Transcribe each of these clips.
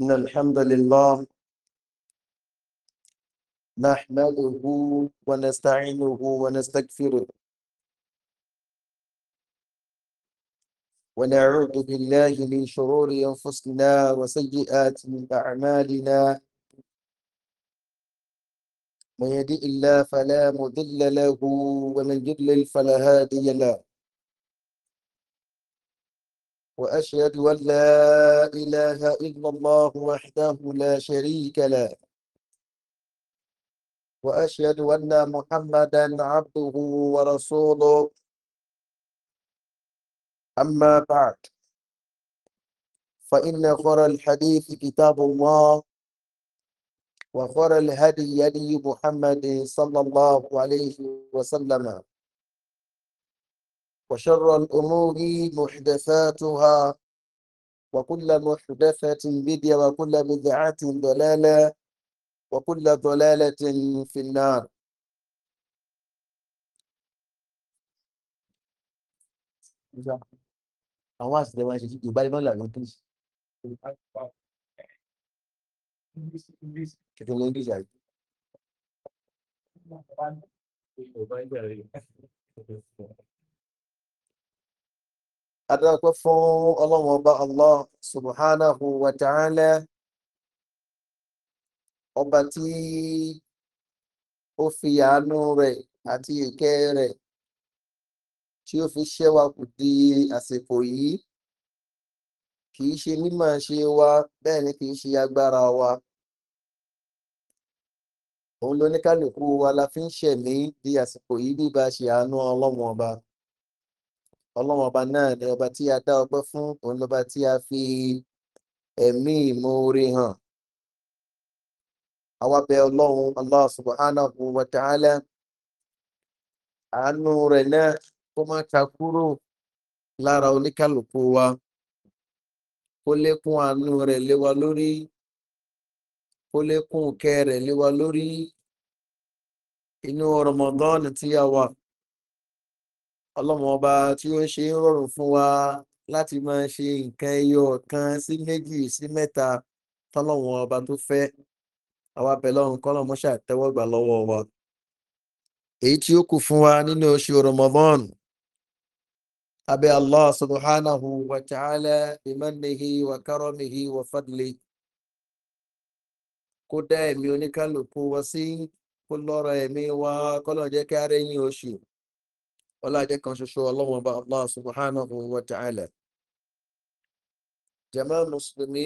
إن الحمد لله نحمده ونستعينه ونستغفره ونعوذ بالله من شرور أنفسنا وسيئات أعمالنا من يهدئ الله فلا مضل له ومن يضلل فلا هادي له وأشهد أن لا إله إلا الله وحده لا شريك له وأشهد أن محمدا عبده ورسوله أما بعد فإن خير الحديث كتاب الله وخير الهدي يدي محمد صلى الله عليه وسلم وشر الأمور محدثاتها وكل محدثة بدية وكل بدعة ضلالة وكل ضلالة في النار Thank you. adáwọ̀pẹ́ fún ọlọ́run ọba allah subhanahu wa ta'ala ọba tí ó fi àánú rẹ̀ àti ìkẹ́ rẹ̀ tí ó fi ṣẹ́wà kù di àsìkò yìí í ṣe mímọ̀ ṣe wa bẹ́ẹ̀ ni í ṣe agbára wa òun lóníkálùkù wa la fi ń di àsìkò yìí bí ṣe àánú ọlọ́run ọba náà ni ọba tí a dá ọpẹ́ fún òun lọ́ba tí a fi ẹ̀mí ìmoore hàn àwa bẹ ọlọ́run allah subhanahu wa ta'ala àánú rẹ̀ náà kó má ta kúrò lára oníkàlùkù wa kó lékún àánú rẹ̀ léwa lórí kó lékún kẹ́ rẹ̀ léwa lórí inú ramadan tí a wà ọlọ́run ọba tí ó ṣe ń rọrùn fún wa láti máa ṣe nǹkan ẹyọ kan sí méjì sí mẹ́ta tọ́lọ́run ọba tó fẹ́ àwa pẹ̀lú ọ̀hún kọ́lọ̀ mọ́ṣà tẹ́wọ́gbà lọ́wọ́ wa èyí tí ó kù fún wa nínú oṣù ramadan abẹ́ allah subhanahu wa ta'ala imanihi wa karomihi wa fadli kó dá ẹ̀mí oníkálukú wa sí kó lọ́rọ̀ ẹ̀mí wa kọ́lọ̀ jẹ́ oṣù ọlá jẹ́ kan ṣoṣo ọlọ́run ọba allah subhanahu wa ta'ala jama mùsùlùmí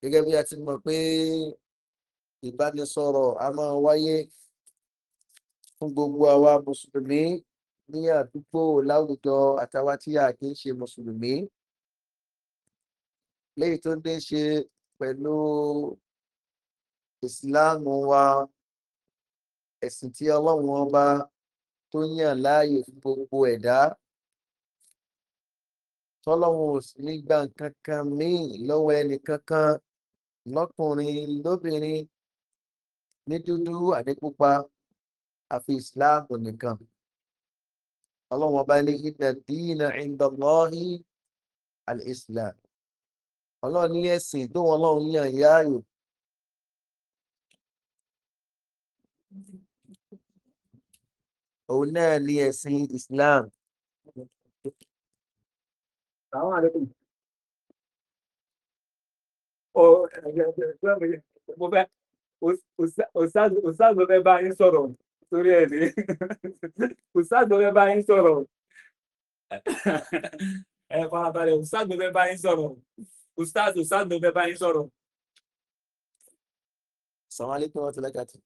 gẹ́gẹ́ bí a ti mọ̀ pé ìbánisọ̀rọ̀ a máa wáyé fún gbogbo àwa mùsùlùmí ní àdúgbò láwùjọ àtàwa tí a kì í ṣe mùsùlùmí léyìí tó ní ṣe pẹ̀lú ìsìláàmù wa ẹ̀sìn tí ọlọ́run ọba tó yàn láàyò fún gbogbo ẹ̀dá tọ́lọ́hún ò sì ní gba nǹkan kan míì lọ́wọ́ ẹnì kankan lọ́kùnrin lóbìnrin ní dúdú àti pupa àfi ìsìláàmù nìkan ọlọ́wọ́n bá ní ìdá dínà ìdánlọ́hí àlìsílám ọlọ́run ẹ̀sìn tó wọn lọ́run yàn yáàyò òun náà ní ẹ̀sìn islam. Àwọn àlékún. Mo fẹ́ òṣàgbọ́n fẹ́ bá yín sọ̀rọ̀ sórí ẹ̀ ní. Òṣàgbọ́n fẹ́ bá yín sọ̀rọ̀. Ẹ farabalẹ̀ òṣàgbọ́n fẹ́ bá yín sọ̀rọ̀. Òṣàgbọ́n fẹ́ bá yín sọ̀rọ̀. Sàwọn àlékún wọn ti lẹ́kàtì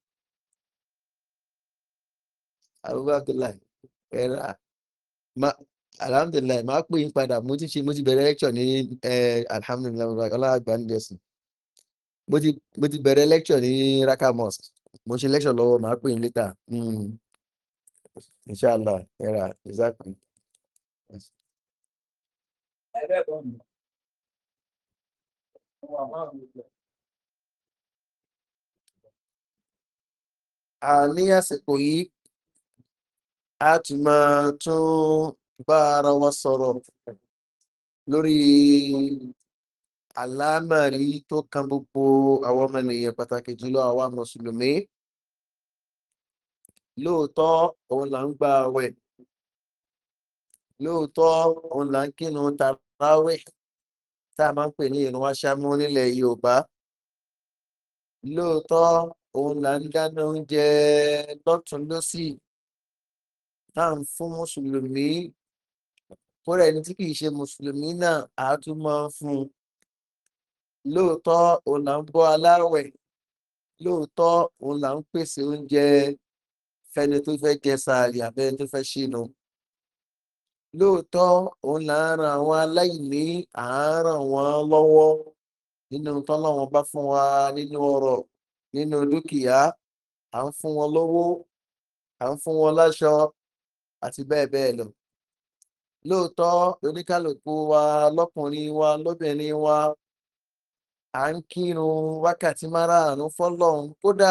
abubakar ẹ̀rà alhamdulilayi máa pè yín padà mo ti ṣe mo ti bẹ̀rẹ̀ lecture ní alhamdulilayi ọlọ́run àgbà ní jẹ́sìn mo ti bẹ̀rẹ̀ lecture ní raka mosque mo ṣe lecture lọ́wọ́ máa pè yín later hmm. inshallah ẹ̀rà exactly. Àní àsìkò yìí a ti máa tún bá ara wa sọ̀rọ̀ lórí àlámàrí tó kan gbogbo àwọn ọmọ ènìyàn pàtàkì jùlọ àwa mùsùlùmí lóòótọ́ òun là ń gba àwẹ̀ lóòótọ́ òun là ń kínú tàbáwẹ̀ tá a máa ń pè ní ìrún aṣámú nílẹ̀ yorùbá lóòótọ́ òun là ń dáná oúnjẹ lọ́tún lọ́sì tá à ń fún mùsùlùmí kódà ẹni tí kìí ṣe mùsùlùmí náà á tún máa ń fún un lóòótọ́ òun là ń bọ́ aláwẹ̀ lóòótọ́ òun là ń pèsè oúnjẹ fẹni tó fẹ́ jẹ sàárì àbẹ́ni tó fẹ́ ṣìnà lóòótọ́ òun là ń ran àwọn aláìní à ń ràn wọ́n lọ́wọ́ nínú tọ́lọ́wọ́n bá fún wa nínú ọ̀rọ̀ nínú dúkìá à ń fún wọn lówó à ń fún wọn láṣọ àti bẹ́ẹ̀ bẹ́ẹ̀ lọ. lóòótọ́ oníkálukú wa lọ́kùnrin wa lóbìnrin wa à ń kírun wákàtí márààrún fọlọ́run kódà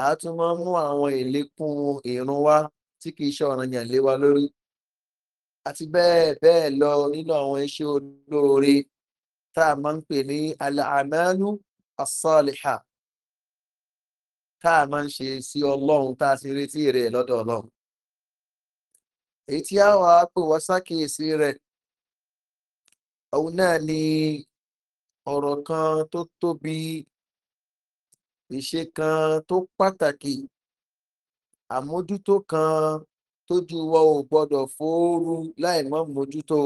a tún máa ń mú àwọn ìlékún ìrun wa tí kì í ṣe ọ̀ràn yàn lé wa lórí àti bẹ́ẹ̀ bẹ́ẹ̀ lọ nínú àwọn iṣẹ́ olóore tá a máa ń pè ní alàmánú asọ́lìhà tá a máa ń ṣe sí ọlọ́run tá a sì retí rẹ̀ lọ́dọ̀ ọlọ́run èyí tí àwọn apè wá sákèésí rẹ̀ òun náà ni ọ̀rọ̀ kan tó tóbi ìṣe kan tó pàtàkì àmójútó kan tójú wa ò gbọdọ̀ fóoru láì mọ́ mójútó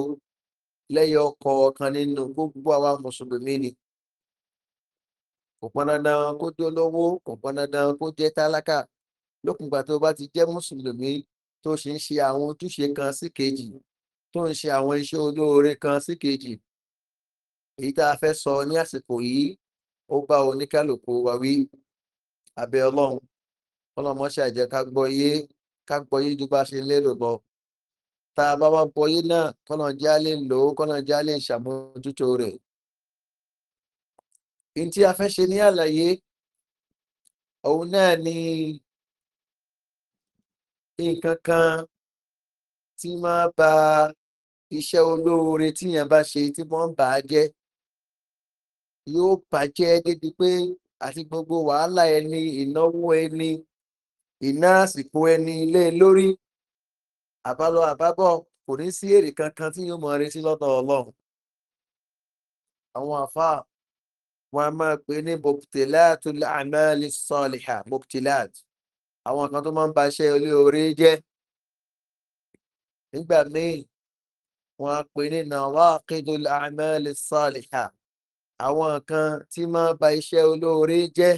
lẹ́yìn ọkọ̀ kan nínú gbogbo àwa mùsùlùmí ni kò pọn dandan kó jẹ́ olówó kò pọn dandan kó jẹ́ tálákà lókùngbà tó bá ti jẹ́ mùsùlùmí tó ṣe ń ṣe àwọn ojúṣe kan sí kejì tó ń ṣe àwọn iṣẹ́ olóore kan sí kejì èyí tá a fẹ́ sọ ní àsìkò yìí ó bá oníkálukú wa wí abẹ́ ọlọ́run ọlọ́mọṣẹ́ àjẹ́ ká gbọ́ yé ká gbọ́ yé ju bá ṣe lérò lọ tá a bá wá gbọ́ yé náà kọ́nà já lè lò ó kọ́nà já lè ṣàmójútó rẹ̀ ní tí a fẹ́ ṣe ní àlàyé òun náà ni nǹkan kan tí máa ba iṣẹ́ olóore tíyàn bá ṣe tí wọ́n bà á jẹ́ yóò bàjẹ́ débi pé àti gbogbo wàhálà ẹni ìnáwó ẹni ìná àsìkò ẹni ilé lórí àbálọ àbábọ̀ kò ní sí èrè kankan tí yóò mọ retí lọ́dọ̀ ọlọ́run àwọn àfa wọn a máa pè ní bọ̀pútẹ́láàtú àmàlì sọ́ọ̀lìhà bọ̀pútẹ́láàtú àwọn kan tó máa ń baṣẹ́ olóore jẹ́ nígbà míì wọ́n á pè ní nàwáàkìdù àmẹ́lì sọ́ọ̀lìhà àwọn kan tí máa ba iṣẹ́ olóore jẹ́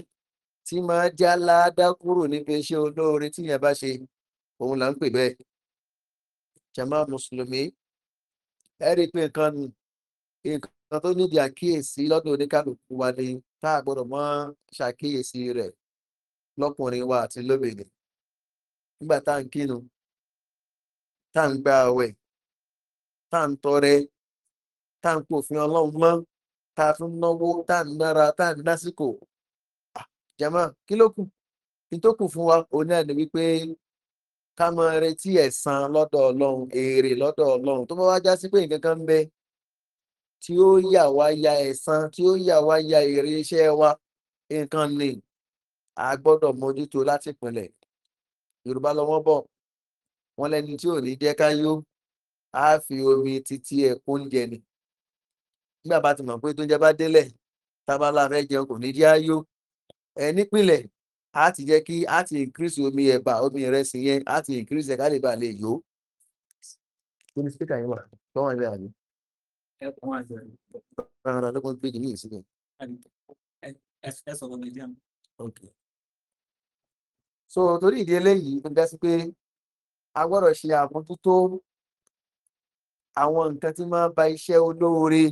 tí máa já láàdá kúrò níbi iṣẹ́ olóore tí yẹn bá ṣe òun là ń pè bẹ́ẹ̀ jama mùsùlùmí ẹ pé nǹkan nǹkan tó nídìí àkíyèsí lọ́dọ̀ oníkàlùkù wa ni tá a gbọ́dọ̀ mọ́ ṣàkíyèsí rẹ̀ lọ́kùnrin wa àti lóbìnrin nígbà tá à ń kínu tá à ń gba àwẹ̀ tá à ń tọrẹ tá à ń pòfin ọlọ́run tá a fi ń náwó tá à nára tá à dásìkò jama kí ló kù kí tó kù fún wa òun náà ni wípé ká mọ retí ẹ̀san lọ́dọ̀ ọlọ́run èrè lọ́dọ̀ ọlọ́run tó bá wá já sí pé nǹkan kan ń bẹ tí ó yà wá ya ẹ̀san tí ó yà wá ya èrè iṣẹ́ wa nǹkan nìyí a gbọ́dọ̀ mójútó láti pinlẹ̀ yorùbá lọ́wọ́ bọ̀ wọ́n lẹ́ni tí ò ní jẹ́ ká yó á fi omi títí ẹ̀ oúnjẹ ni nígbà bá ti mọ̀ pé tó ń jẹ́ bá délẹ̀ tábàlà fẹ́ jẹun kò ní jẹ́ á ẹ nípìnlẹ̀ á ti jẹ́ kí á ti increase omi ẹ̀bà omi ìrẹsì yẹn á ti increase ẹ̀ ká lè bá lè yó. kí ni spíkà yín wà lọ́wọ́ ẹ sọ̀rọ̀ lè so torí ìdí eléyìí tó dá sí pé a gbọ́dọ̀ ṣe àmójútó àwọn nǹkan tí máa ba iṣẹ́ olóore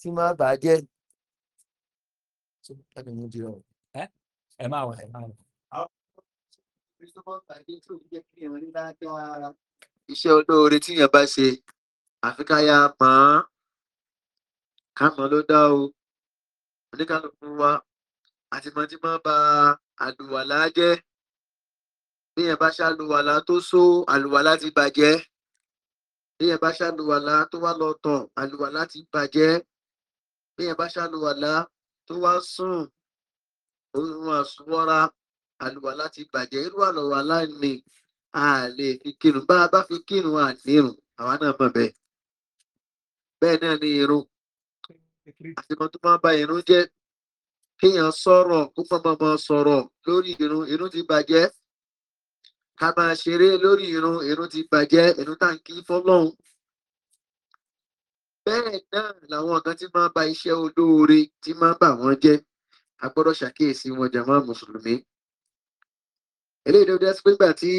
tí máa bà á jẹ́. iṣẹ́ olóore tíyàn bá ṣe àfi ká yá mọ́ ló dá o oníkálukú wa àti mọ́tí máa ba àlùwàlá jẹ́ bíyẹn bá ṣàlùwàlá tó só àlùwàlá ti bàjẹ́ bíyẹn bá ṣàlùwàlá tó wá lọ tàn àlùwàlá ti bàjẹ́ bíyẹn bá ṣàlùwàlá tó wá sùn oorun àsùnwọ́ra àlùwàlá ti bàjẹ́ irú àlùwàlá ni a lè fi kírun bá a bá fi kírun àdírun àwa náà mọ̀ bẹ́ẹ̀ bẹ́ẹ̀ náà ni irun àtìmọ́ tó máa ba irun jẹ́ kéèyàn sọ̀rọ̀ kó pọ́nmọ́mọ́ sọ̀rọ̀ lórí irun irun ti bàjẹ́ ká máa ṣeré lórí irun irun ti bàjẹ́ irun tá n kí fọ́lọ́hún. bẹ́ẹ̀ náà làwọn kan ti máa ba iṣẹ́ olóore tí máa bà wọ́n jẹ́ a gbọ́dọ̀ ṣàkíyèsí wọn jàmọ́ mùsùlùmí. eléyìí ló dá sí pé gbà tí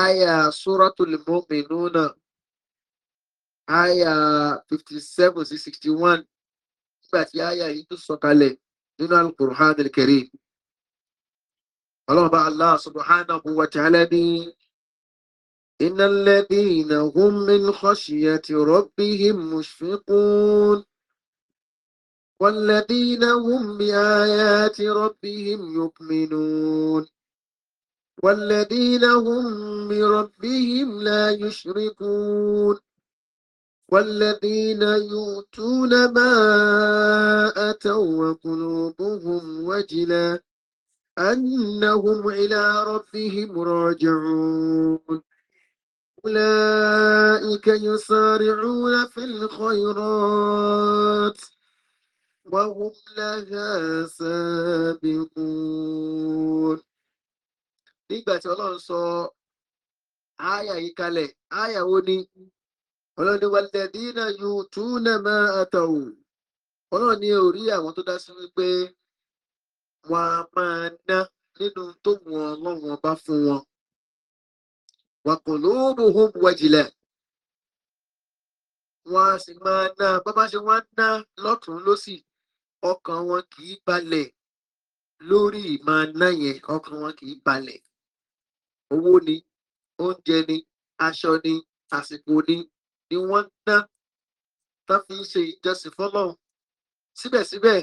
àyà suratul mu'minuna àyà fifty seven sí sixty one nígbà tí àyà yìí tún sọ̀kalẹ̀ nínú al-Qur'an al الله bá الله سبحانه وتعالى إن الذين هم من خشية ربهم مشفقون والذين هم بآيات ربهم يؤمنون والذين هم بربهم لا يشركون والذين يؤتون ما أتوا وقلوبهم وجلاً أنهم إلى ربهم راجعون أولئك يسارعون في الخيرات وهم لها سابقون nígbà tí ọlọ́run sọ ááyà yìí kalẹ̀ ááyà wo ni ọlọ́run ni wàlẹ́dínà yóò túnà máa àtàwò ọlọ́run ni ò àwọn tó dá sí wípé wọn a máa ná nínú tó wọn ọlọ́run ọba fún wọn wọn kò lóòrò hóòmù wẹjìlẹ wọn a sì máa ná bábá ṣe wọn ná lọ́tùn lósì ọkàn wọn kì í balẹ̀ lórí ìmáa ná yẹn ọkàn wọn kì í balẹ̀ owó ni oúnjẹ ni aṣọ ni àsìkò ni ni wọn ná tá fi ń ṣe ìjọsìn fọ́lọ́run síbẹ̀síbẹ̀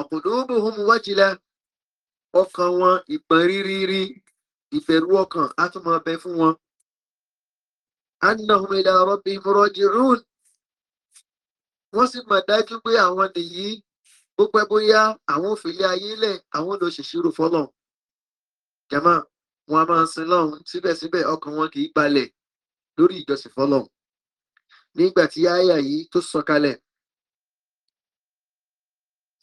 ọ̀kùnlóbùhùn wájìlẹ̀ ọkàn wọn ìpọ̀n rírí rí ìfẹ̀rú ọkàn á tún máa bẹ fún wọn. annahum ila rabbihim raji'un wọ́n sì mọ̀ dájú pé àwọn nìyí bó pẹ́ bóyá àwọn òfìlẹ̀ ayé lẹ̀ àwọn olóṣèṣirò fọ́lọ̀ jama wọn a máa sin lọ́hùn síbẹ̀síbẹ̀ ọkàn wọn kì í balẹ̀ lórí ìjọsìn fọ́lọ̀ nígbà tí àyà yìí tó sọ̀kalẹ̀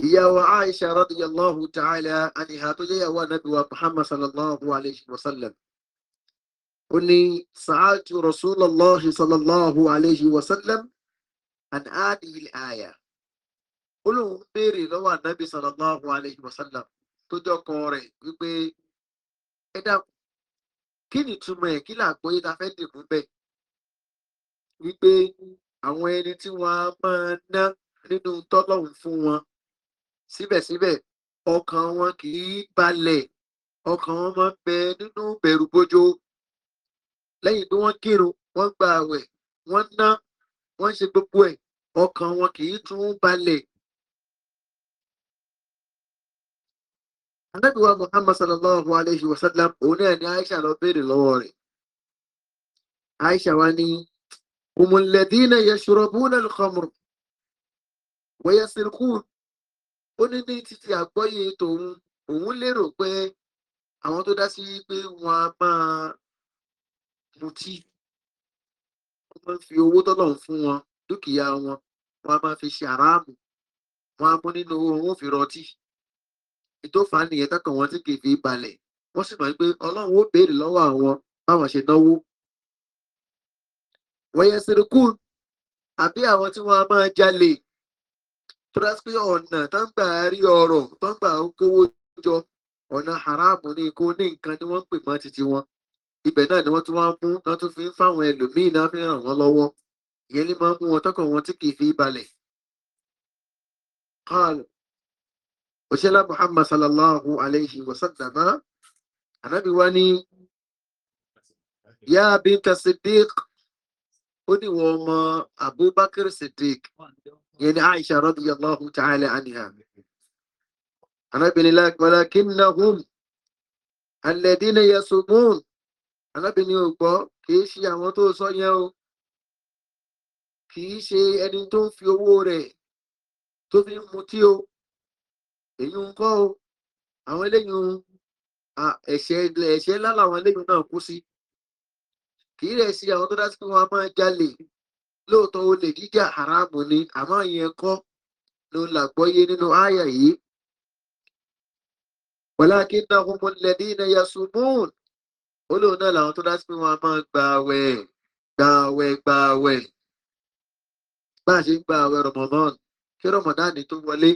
ìyàwó aisha radiyallahu ta'ala anha tó jẹ́yàwó anabi wa muhammad sallallahu alayhi wa sallam ó ní sa'atu rasulallah sallallahu alayhi wa sallam an adil aya olóhùn béèrè lọ́wọ́ anabi sallallahu alayhi wa sallam tó jọkọ rẹ̀ wípé ẹ dákun kí ni túmọ̀ ẹ̀ kí làgbóyè ta fẹ́ dìbò bẹ́ẹ̀ wípé àwọn ẹni tí wọ́n máa ná nínú tọ́lọ́hún fún wọn síbẹ̀síbẹ̀ ọkàn wọn kì í balẹ̀ ọkàn wọn máa ń bẹ nínú bẹ̀rù bójó lẹ́yìn tí wọ́n kírun wọ́n gba àwẹ̀ wọ́n ná wọ́n ṣe gbogbo ẹ̀ ọkàn wọn kì í tún balẹ̀. anábìwá muhammad sallallahu alayhi wa sallam òun náà ni aisha lọ béèrè lọ́wọ́ rẹ̀ aisha wa ni umulẹ̀dínà yashrabuna al-khamr wa yasirkun ó ní ní títí àgbọ́yé tòun òun lérò pé àwọn tó dá sí pé wọn a máa mutí wọn máa fi owó tọ́lọ̀ ń fún wọn dúkìá wọn wọn a máa fi ṣe àràmù wọn a mú nínú owó wọn ò fi rọtí ìtòfà nìyẹn tọkàn wọn tí kì fi balẹ̀ wọ́n sì mọ̀ pé ọlọ́run ó béèrè lọ́wọ́ àwọn báwọn ṣe náwó wọ́n yẹ sírikú àbí àwọn tí wọ́n a máa jalè tó dá sí pé ọ̀nà tó ń gbà rí ọrọ̀ tó ń gbà kówó jọ ọ̀nà haramu ní kó ní nǹkan ni wọ́n ń pè mọ́ títí wọn ibẹ̀ náà ni wọ́n tún wá mú wọ́n tún fi ń fáwọn ẹlòmíín náà fi ràn wọ́n lọ́wọ́ ìyẹn ní máa ń mú wọn tọkọ̀ wọn tí kì í fi balẹ̀. òṣèlá muhammad sallallahu alayhi wa sallama anabi wa ni ya binta siddiq ó ní wọn ọmọ abubakar siddiq yẹn ní Aisha radiyallahu ta'ala anha anábìnrin walakinnahum alladhina yasumun anábìnrin ò gbọ́ kìí ṣe àwọn tó sọ yẹn o kìí ṣe ẹni tó ń fi owó rẹ̀ tó fi ń mutí o èyí ń kọ́ o àwọn eléyìí ẹ̀ṣẹ̀ ẹ̀ṣẹ̀ ńlá làwọn eléyìí náà kú sí kìí rẹ̀ sí àwọn tó dá sí pé wọ́n á máa jalè lóòótọ́ olè jíjà haramu ni àmọ́ ìyẹn kọ́ ló ń làgbọ́yé nínú àyà yìí. wàláàkì náà wọn mọ ilẹ̀ ní ilẹ̀ yasùmùn olóòótọ́ náà làwọn tó dá sí pé wọ́n á máa gbààwẹ̀ gbààwẹ̀ gbààwẹ̀ bá a ṣe ń gbààwẹ̀ rọmọdán kí rọmọdán tó wọlé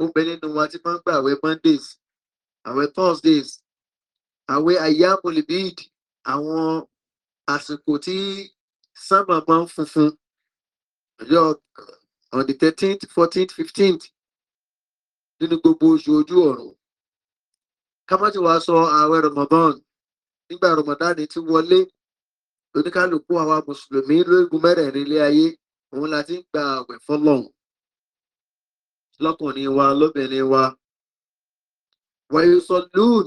ó bẹ nínú wa tí wọ́n ń gbààwẹ̀ mondays àwẹ̀ thursdays àwẹ̀ ayámọ̀lẹ́bíìdì àwọn àsìkò tí sábà máa ń funfun on the thirteenth fourteenth fifteenth nínú gbogbo oṣù ojú ọ̀run ká má ti wá sọ ààwẹ̀ Ramadan nígbà Ramadan ti wọlé oníkálukú àwa mùsùlùmí lóògùn mẹ́rẹ̀ẹ̀rin ilé ayé òun la ti ń gba ààwẹ̀ fọ́lọ́run lọ́kùnrin wa lóbìnrin wa wàyí sọ lóòn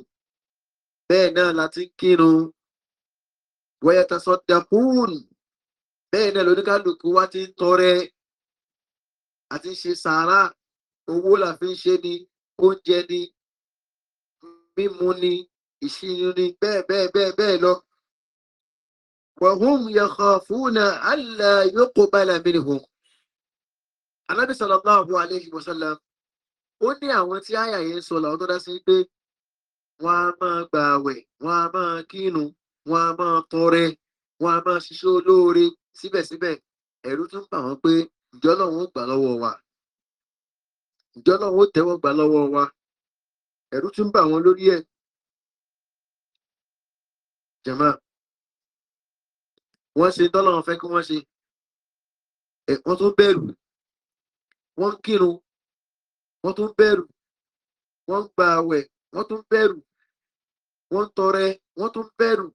bẹ́ẹ̀ náà la ti ń kírun wọ́yẹ̀tẹ̀sọ̀ dẹkùn bẹ́ẹ̀ náà lóníkálùkù wá ti ń tọrẹ àti ṣe sàárà owó la fi ń ṣe ni oúnjẹ ni mímu ni ìṣirò ni bẹ́ẹ̀ bẹ́ẹ̀ bẹ́ẹ̀ bẹ́ẹ̀ lọ. wàhùn yẹ̀kọ̀ fúnà àlà yóò kó báyìí mí nìhùn. alábì sallallahu alayhi wa sallam ó ní àwọn tí àyà yẹn sọ làwọn tó dá sí pé wọn a máa gbààwẹ̀ wọn a máa kírun wọn a máa tọrẹ wọn a máa ṣiṣẹ́ olóore síbẹ̀síbẹ̀ ẹ̀rú tún bà wọ́n pé ìjọ lọ́wọ́ gbà lọ́wọ́ wa ìjọ lọ́wọ́ tẹ́wọ́ gbà lọ́wọ́ wa ẹ̀rú tún bà wọ́n lórí ẹ̀ jẹ̀mọ́ wọ́n ṣe tọ́lọ́wọ́n fẹ́ kí wọ́n ṣe wọ́n tún bẹ̀rù wọ́n ń kírun wọ́n tún bẹ̀rù wọ́n ń gba àwẹ̀ wọ́n tún bẹ̀rù wọ́n ń tọrẹ wọ́n tún bẹ̀rù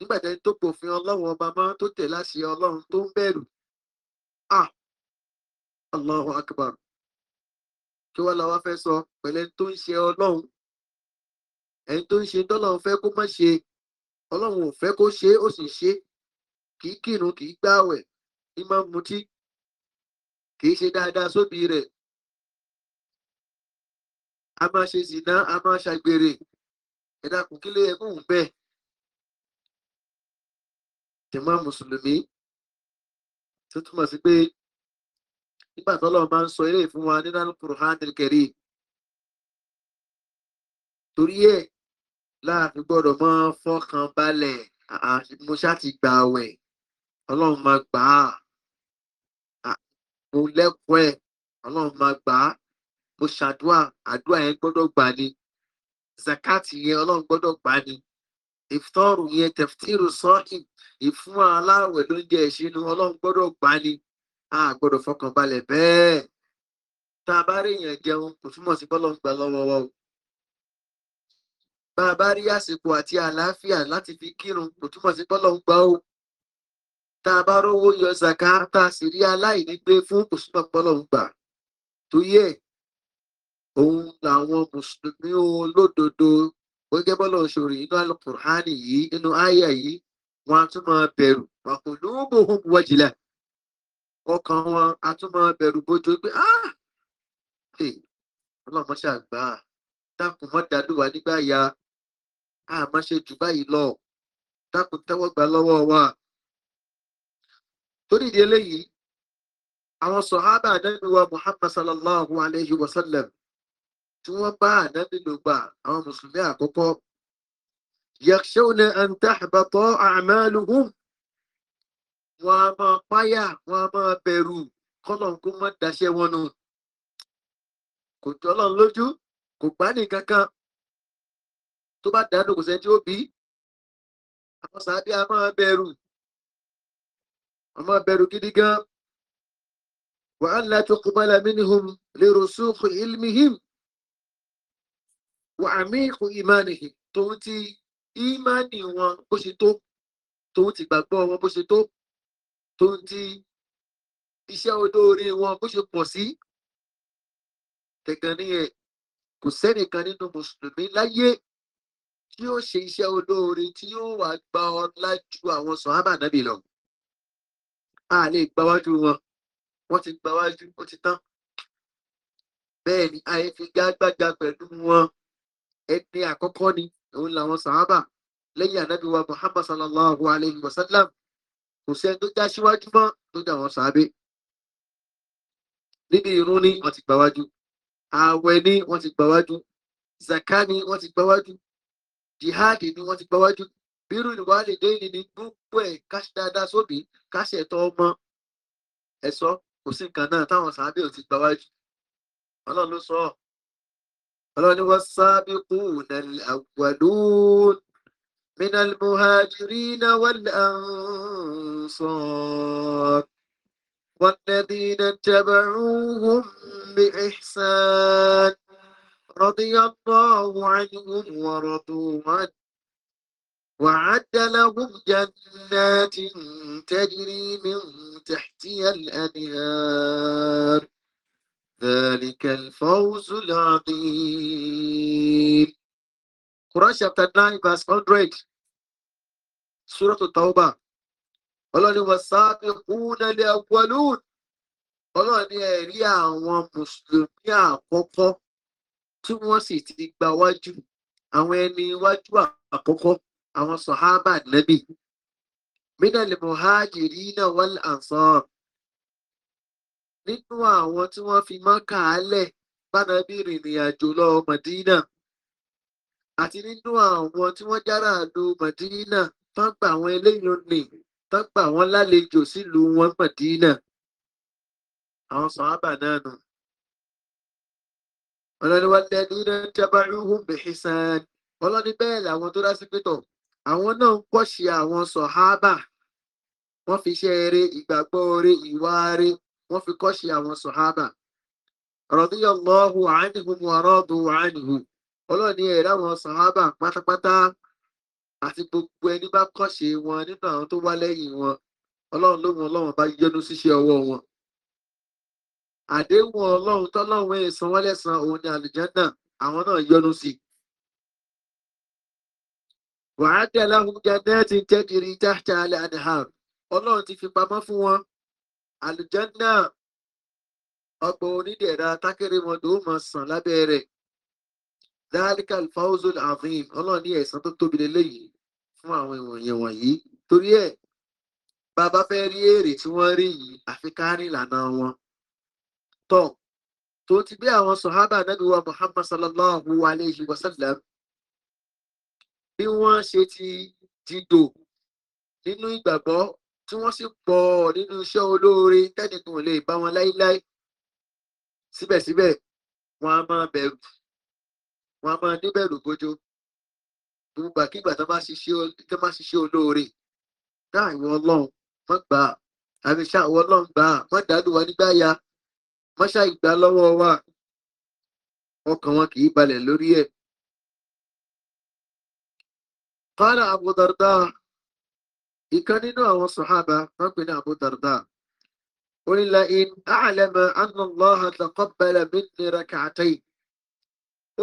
nígbàtẹ́ tó pòfin ọlọ́run ọba mọ́ tó tẹ̀ láṣẹ ọlọ́run tó ń bẹ̀rù ah allahu akbar kí wọ́n làwọn fẹ́ sọ pẹ̀lẹ́ tó ń ṣe ọlọ́run ẹni tó ń ṣe tọ́lọ́run fẹ́ kó má ṣe ọlọ́run ò fẹ́ kó ṣe ó sì ṣe kìí kírun kìí gbáwẹ̀ ní máa ń mutí kìí ṣe dáadáa sóbì rẹ̀ a máa ṣe zìnà a máa ṣàgbèrè ẹ̀dá kùkílé ẹkùn bẹ́ẹ̀ jẹ̀mọ́ mùsùlùmí tó túmọ̀ sí pé nígbà tó lọ́wọ́ máa ń sọ eré fún wa nínú alukur'an kẹrì torí ẹ̀ láàfin gbọ́dọ̀ mọ́ fọ́kàn balẹ̀ mo ṣáà ti gbà wẹ̀ ọlọ́run máa gbà á mo lẹ́kọ̀ọ́ ẹ̀ ọlọ́run máa gbà á mo ṣàdúà àdúà yẹn gbọ́dọ̀ gbà ni zakati yẹn ọlọ́run gbọ́dọ̀ gbà ni ìfitọ́rù yẹn tẹ̀fítìrù sọ́ọ̀kì ìfún aláwẹ̀ ló ń jẹ́ ìṣinú ọlọ́run gbọ́dọ̀ gbá ni a gbọ́dọ̀ bẹ́ẹ̀ tá a bá rí èèyàn jẹun kò túmọ̀ sí bọ́lọ̀ ń gbà lọ́wọ́ wa o bá a bá rí àsìkò àti àlàáfíà láti fi kírun kò túmọ̀ sí bọ́lọ̀ ń gbà o tá a bá rówó yọ zaka tá a sì rí aláìní gbé fún kò túmọ̀ bọ́lọ̀ ń gbà tó yẹ òun làwọn mùsùlùmí olódodo gẹ́gẹ́ bọ́lọ̀ ṣòro inú alukùránì yìí inú àyà yìí wọn a tún máa bẹ̀rù pàkó lóògbò ohun wọ́jìlá ọkàn wọn a tún máa bẹ̀rù bójú pé ah ọlọ́mọ ṣàgbà dákun mọ́ dàdúwà nígbà ya àmọ́ ṣe jù báyìí lọ dákun tẹ́wọ́ gbà lọ́wọ́ wa. torí ìdí eléyìí àwọn sọ̀hábà àdẹ́gbẹ̀wá muhammad sallallahu alayhi wa sallam tí wọ́n bá ànábì ló gbà àwọn mùsùlùmí àkọ́kọ́ yakhshawna an tahbata a'maluhum wọn a máa páyà wọn a máa bẹ̀rù kọ́lọ̀ kó má daṣẹ́ wọn nù kò jọlọ lójú kò gbá nìkan kan tó bá dànù kò sẹ́ni tí àwọn sàbí a máa bẹ̀rù a máa bẹ̀rù gidi gan wa an la tuqbala minhum li rusukhi ilmihim wà àmìkù ìmánìhì tòun ti ìmánì wọn bó ṣe tó tòun ti gbàgbọ́ wọn bó ṣe tó tòun ti iṣẹ́ olóore wọn bó ṣe pọ̀ sí tẹ̀gàn ní ẹ̀ kò sẹ́nìkan nínú mùsùlùmí láyé tí ó ṣe iṣẹ́ olóore tí ó wà gba ọlá ju àwọn sọ̀hábà nábì lọ. a lè gbáwájú wọn wọ́n ti gbáwájú ó ti tán bẹ́ẹ̀ ni àyè fi gágbága pẹ̀lú wọn ẹni àkọ́kọ́ ni òun làwọn sàábà lẹ́yìn ànábì wa muhammad sallallahu alayhi wa sallam kò sẹ́ni tó já síwájú mọ́ tó dà wọ́n sàábé níbi irun ni wọ́n ti gbàwájú ààwẹ̀ ni wọ́n ti gbàwájú zaka ni wọ́n ti gbàwájú jihad ni wọ́n ti gbàwájú bírù ni wàá lè dé ìní ní gbogbo ẹ̀ káṣí dáadáa sóbì káṣí ẹ̀tọ́ ọmọ ẹ̀sọ́ kò sí nǹkan náà táwọn sàábé ò ti gbàwájú ọlọ́run ló sọ ọ́ ọlọ́ni والسابقون الأولون من المهاجرين والأنصار والذين اتبعوهم بإحسان رضي الله عنهم ورضوا عنه وعد لهم جنات تجري من تحتها الأنهار ذلك الفوز العظيم Quran chapter 9 verse 100 سورة التوبة tawbah Ọlọ́run wa sabiquna al-awwalun Ọlọ́run ní ẹ̀rí àwọn Mùsùlùmí àkọ́kọ́ tí wọ́n sì ti gba wájú àwọn ẹni iwájú àkọ́kọ́ àwọn sàhábà Nábì minal muhajirina wal ansar nínú àwọn tí wọ́n fi mọ́kà álẹ̀ bánábì rìnrìn àjò lọ mọ̀dínà àti nínú àwọn tí wọ́n jára lu mọ̀dínà tán gbà àwọn eléyìí nì tán gbà wọ́n lálejò sílùú wọn mọ̀dínà àwọn sọ̀hábà náà nù. ọlọ́ni wá lẹ́nu iná tabaruhum bihisan ọlọ́ni bẹ́ẹ̀ làwọn tó dá sí pétọ̀ àwọn náà ń kọ́ṣe àwọn sọ̀hábà wọ́n fi ṣe eré ìgbàgbọ́ eré ìwà eré wọ́n fi kọ́ṣe àwọn sọ̀hábà radiyallahu anhum wa radu anhu ọlọ́ọ̀ni ẹ̀rá àwọn sọ̀hábà pátápátá àti gbogbo ẹni bá kọ́ṣe wọn nínú àwọn tó wá lẹ́yìn wọn ọlọ́run ló mú ọlọ́run bá yọ́nú síṣẹ́ ọwọ́ wọn àdéhùn ọlọ́run tọ́lọ́run ẹ̀ san wọ́n lẹ́san òun ni àlùjànnà àwọn náà yọ́nú sí wàá dẹ̀ láhùn jẹ́ nẹ́ẹ̀tì tẹ́kiri jáde alẹ́ àdìhàn ọlọ́run ti fi pamọ́ fún wọn àlùjánná ọgbà onídẹ̀ẹ́ra tákẹ́rẹ́mọdò ó mọ sàn lábẹ́ rẹ̀ dáálíkà alfawzul azim ọlọ́run ní ẹ̀san tó tóbi lélẹ́yìí fún àwọn ìwọ̀nyẹn wọ̀nyí torí ẹ̀ bàbá fẹ́ rí èrè tí wọ́n rí yìí àfi ká rí ìlànà wọn tọ̀ tó ti bí àwọn sọ̀hábà nàbí wa muhammad sallallahu alayhi wa sallam bí wọ́n ṣe ti dìdò nínú ìgbàgbọ́ tí wọ́n sì pọ̀ nínú iṣẹ́ olóore tẹ́nìkan ò lè bá wọn láíláí síbẹ̀síbẹ̀ wọn a máa bẹ̀rù wọn a máa níbẹ̀rù bójú gbogbo àkígbà tó máa ṣiṣẹ́ olóore dá ìwọ ọlọ́run wọ́n gbà á àmì ṣá ìwọ ọlọ́run gbà á wọ́n dàlú wa nígbà ya wọ́n ṣá ìgbà lọ́wọ́ wa ọkàn wọn kì í balẹ̀ lórí ẹ̀. قال أبو درداء ìkan nínú àwọn sọ̀hábà tọ́pẹ̀ ní Abu Darda orílẹ̀ in àlẹ́mọ̀ annàláha taqabbala minni rak'atayn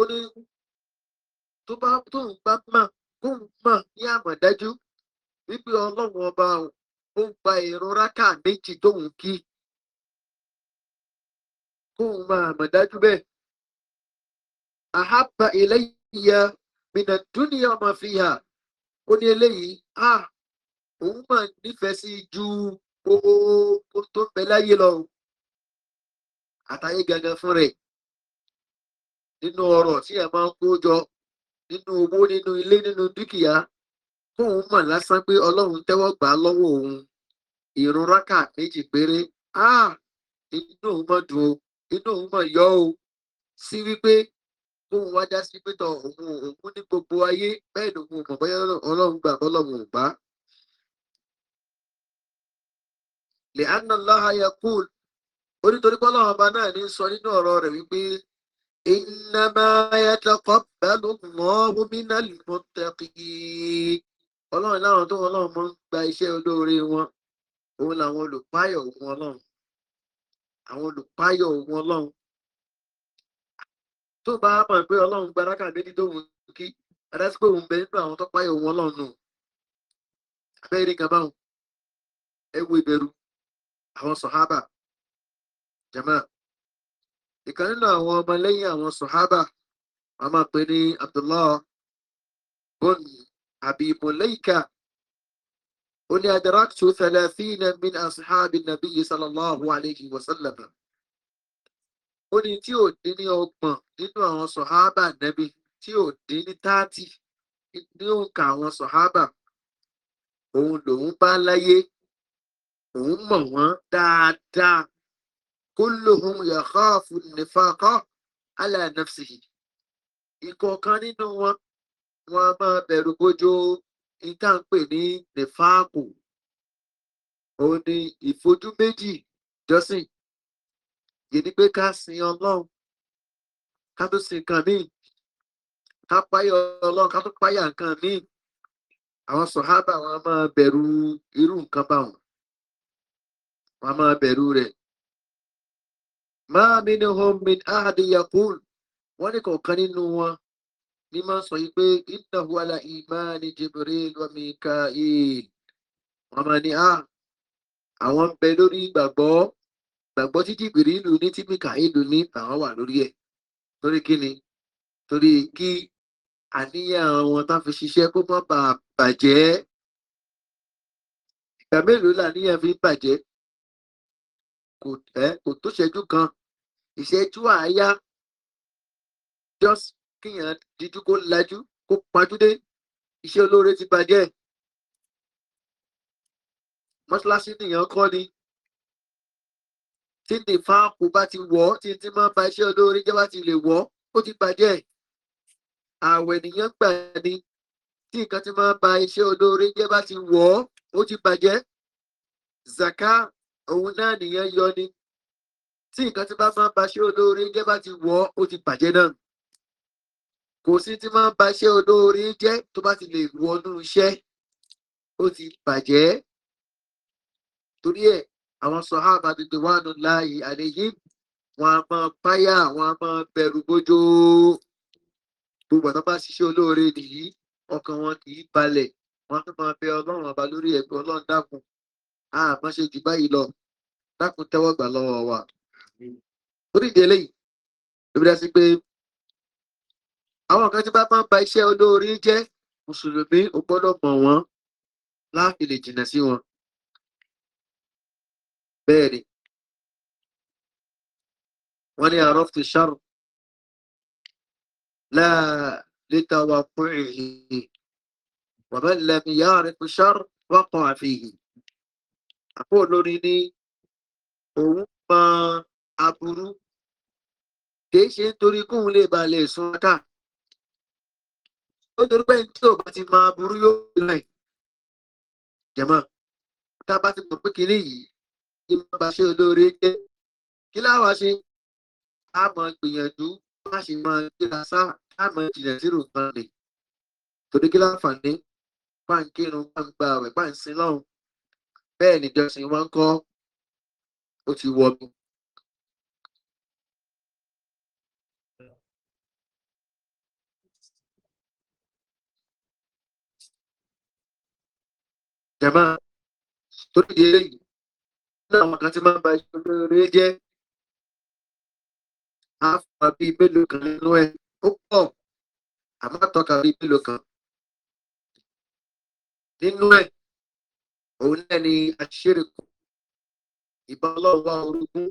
ó ní tó bá tó ń bá mà kó ń mà ní àmọ̀dájú wípé ọlọ́run ọba ó ń gba ìrun rákà méjì tóun kí kó ń mà àmọ̀dájú bẹ́ẹ̀ àhábà ilayya min ad-dunya ma fiha ó ní eléyìí ah, òun máa nífẹ̀ẹ́ sí ju gbogbo tó ń bẹ láyé lọ àtàyé gangan fún rẹ̀ nínú ọrọ̀ tí ẹ máa ń kó jọ nínú owó nínú ilé nínú dúkìá kóun mọ̀ lásán pé ọlọ́run tẹ́wọ́ gbà á lọ́wọ́ òun ìrora kà méjì péré inú òun mọ̀ dùn o inú òun mọ̀ yọ o sí wípé kóun wá já sí pé tọ̀ òun òun ní gbogbo ayé bẹ́ẹ̀ lòun ò mọ̀ bọ́yá ọlọ́run gbà bọ́lọ́run ò bá لأن الله يقول onítorí pé ọlọ́run ọba náà ní sọ nínú ọ̀rọ̀ rẹ̀ wípé innama yataqabbalu Allahu minal muttaqin ọlọ́run láwọn tó wọn lọ́wọ́ mọ́ ń gba iṣẹ́ olóore wọn òun làwọn olùpáyọ̀ wọn àwọn olùpáyọ̀ wọn ọlọ́run gba rákà kí adásí pé òun àwọn sọ̀hábà jama ìkan nínú àwọn ọmọlẹ́yìn àwọn sọ̀hábà wọn máa pè ní abdullah bun abi mulaika ó ní adaraktu thalathina min ashabi nabi sallallahu alayhi wa sallam ó ní tí ò dín ní ọgbọ̀n nínú àwọn sọ̀hábà nabi tí ò dín ní táàtì ní òǹkà àwọn sọ̀hábà òun lòun bá láyé òun mọ̀ wọ́n dáadáa kulluhum yakhafu nifaqa ala nafsihi ìkọ̀ọ̀kan nínú wọn wọn a máa bẹ̀rù bójó níta ń pè ní nifaku òun ni ìfojú méjì jọ́sìn yìí pé ká sin ọlọ́run ká tó sin nǹkan míì ká páyà ọlọ́run ká tó páyà nǹkan míì àwọn sọ̀hábà wọn a máa bẹ̀rù irú nǹkan báwọn wọ́n máa ما منهم من أحد يقول homin ahadi yakul wọ́n ní kọ̀ọ̀kan nínú wọn ní máa sọ yìí pé innahu ala imani jibril wa mikael wọ́n máa ní ah àwọn ń bẹ lórí ìgbàgbọ́ ìgbàgbọ́ tí jibril ní tí mikael ní àwọn wà lórí ẹ̀ torí kí torí kí àníyàn wọn tá fi ṣiṣẹ́ kó má bàa bàjẹ́ ìgbà mélòó làníyàn fi ń kò tó ṣẹ́jú kan ìṣẹ́jú àáyá just kíyàn díjú kó lajú kó pajúdé iṣẹ́ olóore ti bàjẹ́ mọ́ṣáláṣí nìyàn kọ́ ni tí ní fáàpù bá ti wọ̀ ọ́ tí tí máa ba iṣẹ́ olóore jẹ́ bá ti lè wọ̀ ó ti bàjẹ́ ààwẹ̀ nìyàn gbà ni tí nǹkan ti máa ba iṣẹ́ olóore jẹ́ bá ti wọ̀ ó ti bàjẹ́ zaka òun náà nìyẹn yọ ni tí nǹkan tí bá máa ń baṣẹ́ olóore jẹ́ bá ti wọ̀ ó ti bàjẹ́ náà kò sí tí máa ń baṣẹ́ olóore jẹ́ tó bá ti lè wọnú iṣẹ́ ó ti bàjẹ́ torí ẹ̀ àwọn sọ̀hábà tètè wà nù láàyè àlejò wọn a máa páyà wọn a máa bẹ̀rù bójó gbogbo àtọ́ bá ṣiṣẹ́ olóore nìyí ọkàn wọn kì í balẹ̀ wọn a máa bẹ ọlọ́run ọba lórí ẹ̀gbẹ́ ọlọ́run dákun àmọ́ ṣe jù báyìí lọ dákun tẹ́wọ́ gbà lọ́wọ́ wa lórí ìdí eléyìí lóbi dá sí pé àwọn kan tí bá máa ń ba iṣẹ́ olóore jẹ́ mùsùlùmí ò gbọ́dọ̀ mọ̀ wọ́n láàfin lè jìnnà sí wọn bẹ́ẹ̀ ni wọ́n ní àrọ́ fi ṣàrù láà létà wà fún ìhìn wàbẹ́ lẹ́mi yára fi ṣàrù wọ́n kàn àfihàn àpò olórin ní òun mọ aburú kìí ṣe nítorí kóun lè ba lè sun ká ó torí pé tí ò bá ti mọ aburú yóò fi láì jẹmọ tá a bá ti mọ pé kinní yìí kí má ba ṣe olóore jẹ kí láwa ṣe a mọ gbìyànjú má ṣe mọ kíra sá a mọ jìnà sírò kan lè torí kí láǹfààní pàǹkìrun pàǹgbà rẹ pàǹsìn lọrun bẹ́ẹ̀ ni ìjọsìn wọn ń kọ́ ó ti wọbi. jama torí di eléyìí nínú àwọn kan tí máa ń ba iṣẹ́ olóore jẹ́ àfọwà bíi mélòó kan nínú ẹ̀ ó pọ̀ àmọ́ àtọ́ka bíi mélòó kan nínú ẹ̀ òun náà ni aṣèrèkù ìbálọ́wọ́ orogún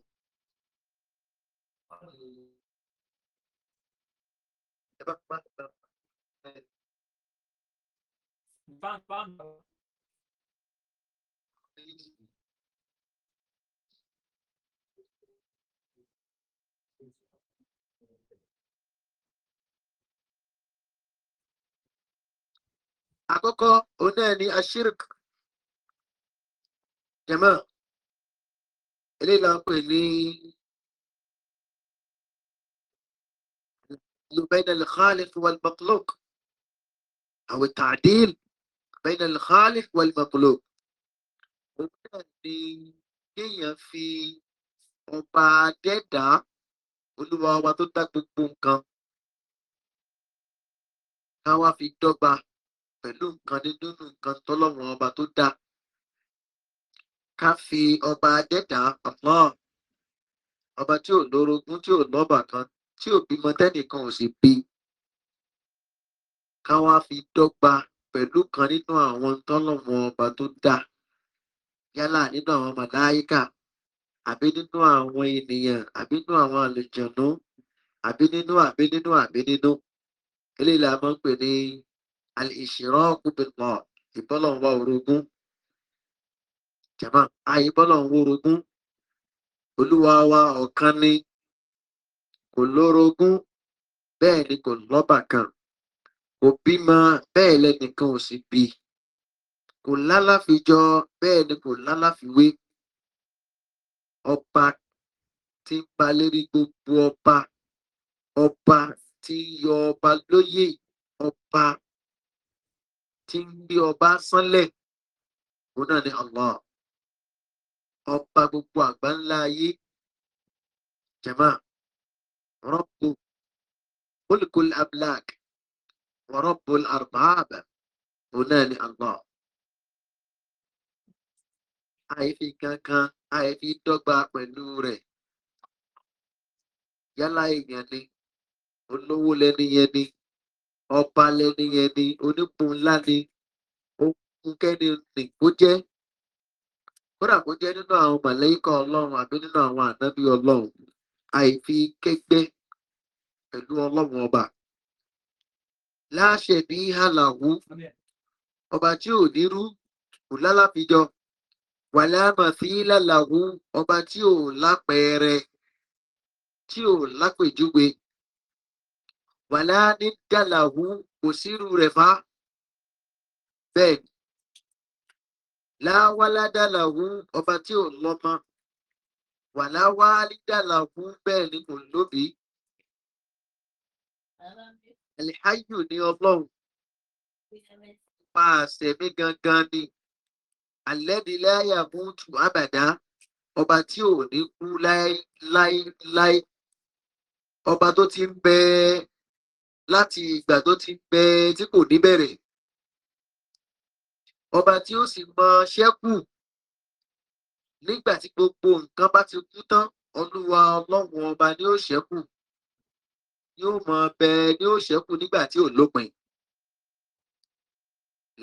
àkọ́kọ́ òun náà ni aṣírìkì jẹmọ eléyìí la pè ní بين الخالق والمخلوق أو التعديل بين الخالق والمخلوق ní kéèyàn fi ọba dẹ́dá olúwa wa tó dá gbogbo nǹkan ká fi dọ́gba pẹ̀lú nǹkan nínú nǹkan tọ́lọ́run ọba tó dá ká fi ọba adẹ́dà Allah ọba tí ò lórogún tí ò lọ́bà kan tí ò bímọ tẹ́nìkan ò sì bí ká wá fi dọ́gba pẹ̀lú kan nínú àwọn tọ́lọ̀mọ ọba tó dá yálà nínú àwọn màláyíkà àbí nínú àwọn ènìyàn àbí nínú àwọn àlùjọ̀nú àbí nínú àbí nínú àbí nínú eléyìí la máa ń pè ní al-ishraq billah ìbọ́lọ̀ wa orogún jàmá àìbọ́lọ̀ ń worogún olúwa wa ọ̀kan ni kò lórogún bẹ́ẹ̀ ni kò lọ́bà kan kò bímọ bẹ́ẹ̀ lẹ́nìkan ò sì bí kò lálàfijọ bẹ́ẹ̀ ni kò lálàfiwé ọba tí ń pa lérí gbogbo ọba ọba tí ń yọ ọba lóyè ọba tí ń gbé ọba sánlẹ̀ òun náà ni allah ọba gbogbo àgbà ńlá ayé jama rọ́pò olùkọ́lé ablak rọ́pò àrùbáàbà òun náà ni àgbà. àìfi kankan àìfi dọ́gba pẹ̀lú rẹ̀ yálà èèyàn ni olówó lẹni yẹn ni ọba lẹni yẹn ni onípò ńlá ni òun kẹ́ni nìkó jẹ́ kódà kó jẹ́ nínú àwọn mọ̀lẹ́kọ̀ ọlọ́run àbí nínú àwọn ànábí ọlọ́run àìfi kẹgbẹ́ pẹ̀lú ọlọ́run ọba láṣẹ bí hàlàwú ọba tí ò nírú kò lálàfijọ wà láàmà sí lálàwú ọba tí ò lápẹẹrẹ tí ò lápèjúwe wà láà ní dàlàwú kò sírú rẹ̀ fá bẹ́ẹ̀ láwáládàlàwú ọba tí ò lọ́mọ wà láwálídàlàwú bẹ́ẹ̀ ni kò lóbi alihayu ni ọlọ́run pa àṣẹ mi gangan ni alẹ́niláyà mútu àbàdá ọba tí ò ní kú láéláéláé ọba tó ti ń bẹ láti ìgbà tó ti ń bẹ tí kò ní bẹ̀rẹ̀ ọba tí ó sì mọ ṣẹ́kù nígbà tí gbogbo nǹkan bá ti kú tán olúwa ọlọ́run ọba ni ó ṣẹ́kù yóò mọ bẹ ni ó ṣẹ́kù nígbà tí ò lópin.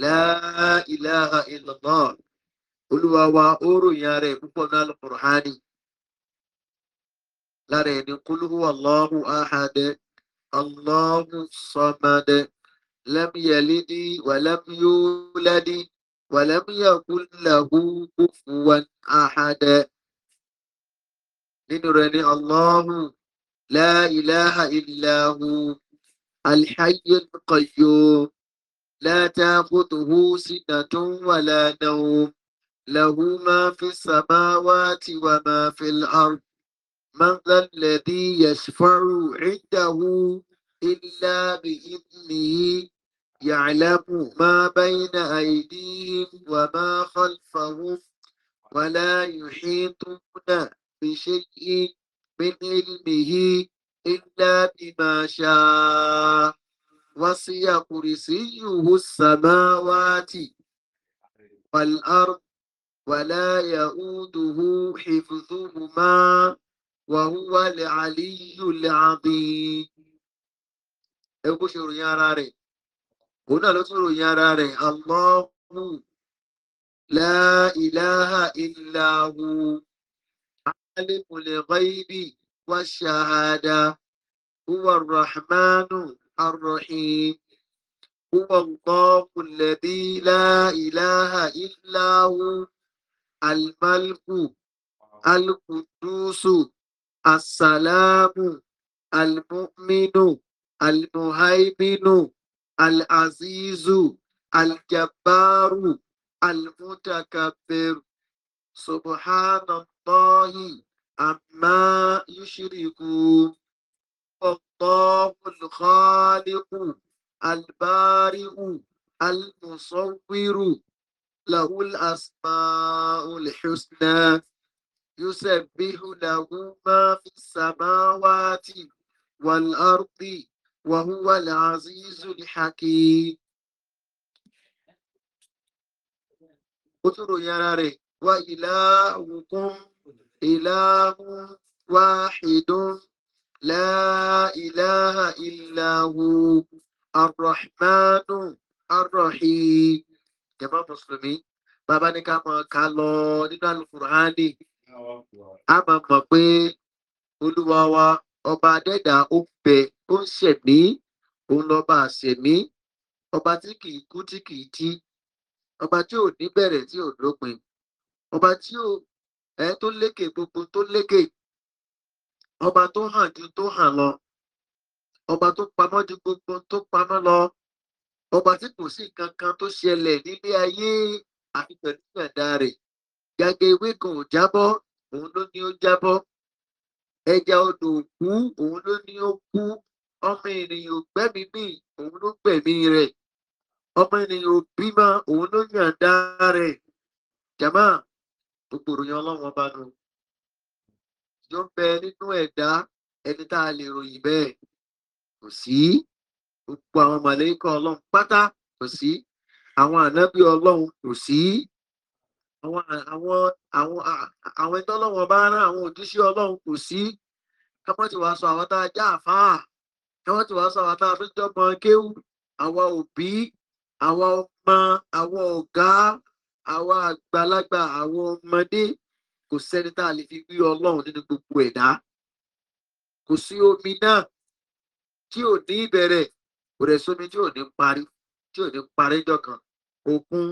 La ilaha illallah olúwa wa ó ròyìn ara ẹ̀ púpọ̀ náà lọ́kùnránì lára ẹni kúlúhù ọlọ́run áhàdẹ ọlọ́run sọmọdẹ lẹ́mìyẹlídìí wà lẹ́mìyóládìí. ولم يكن له كفوا أحد لنرني الله لا إله إلا هو الحي القيوم لا تأخذه سنة ولا نوم له ما في السماوات وما في الأرض من ذا الذي يشفع عنده إلا بإذنه يعلم ما بين أيديهم وما خلفهم ولا يحيطون بشيء من علمه إلا بما شاء وصي كرسيه السماوات والأرض ولا يؤوده حفظهما وهو العلي العظيم. ẹ kó ṣe òun náà ló tún ròyìn ara rẹ̀ allahu la ilaha illahu alimul ghaibi wa shahada huwa rahmanu arrahim huwa allah alladhi la ilaha illahu almalku alqudusu assalamu almu'minu almuhaiminu. العزيز الجبار المتكبر سبحان الله عما يشركون الله الخالق البارئ المصور له الأسماء الحسنى يسبح له ما في السماوات والأرض وهو العزيز الحكيم قتلوا يا ناري وإلهكم إله واحد لا إله إلا هو الرحمن الرحيم جماعة مسلمين bàbá ní ká máa kà lọ nínú alukurani a máa mọ̀ pé olúwa wa ó ń ṣẹ̀mí òun lọ́ba àṣẹ̀mí ọba tí kì í kú tí kì í tí ọba tí ò ní bẹ̀rẹ̀ tí ò dópin ọba tí ò ẹ tó lékè gbogbo tó lékè ọba tó hàn ju tó hàn lọ ọba tó pamọ́ ju gbogbo tó pamọ́ lọ ọba tí kò sí nǹkan kan tó ṣẹlẹ̀ nílé ayé àfi pẹ̀lú ìyànda rẹ̀ gàgé ewé ò jábọ́ òun ló ní ó jábọ́ ẹja odò òkú òun ló ní ó kú ọmọ ènìyàn gbẹ́mí mì òun ló gbẹ̀mí rẹ̀ ọmọ ènìyàn bímọ òun ló yàǹda rẹ̀ jàmá gbogbo ìròyìn ọlọ́run ọba nu yóò bẹ nínú ẹ̀dá ẹni tá a lè ròyìn bẹ́ẹ̀ kò sí gbogbo àwọn màlẹ́kọ̀ ọlọ́run pátá kò sí àwọn ànábì ọlọ́run kò sí àwọn àwọn àwọn ẹ̀dọ́ ọlọ́run ọba rán àwọn òjíṣẹ́ ọlọ́run kò sí ká wàá sọ àwọn tá a já àfáà kí wọ́n ti wá sọ àwọn àtàtúntò ọmọ kéwù àwọn òbí àwọn ọmọ àwọn ọ̀gá àwọn àgbàlagbà àwọn ọmọdé kò sẹ́ni tá a lè fi wí ọlọ́run nínú gbogbo ẹ̀dá kò sí omi náà tí ò ní ìbẹ̀rẹ̀ kò rẹ̀ sómi tí ò ní parí tí ò ní parí jọ̀kan òkun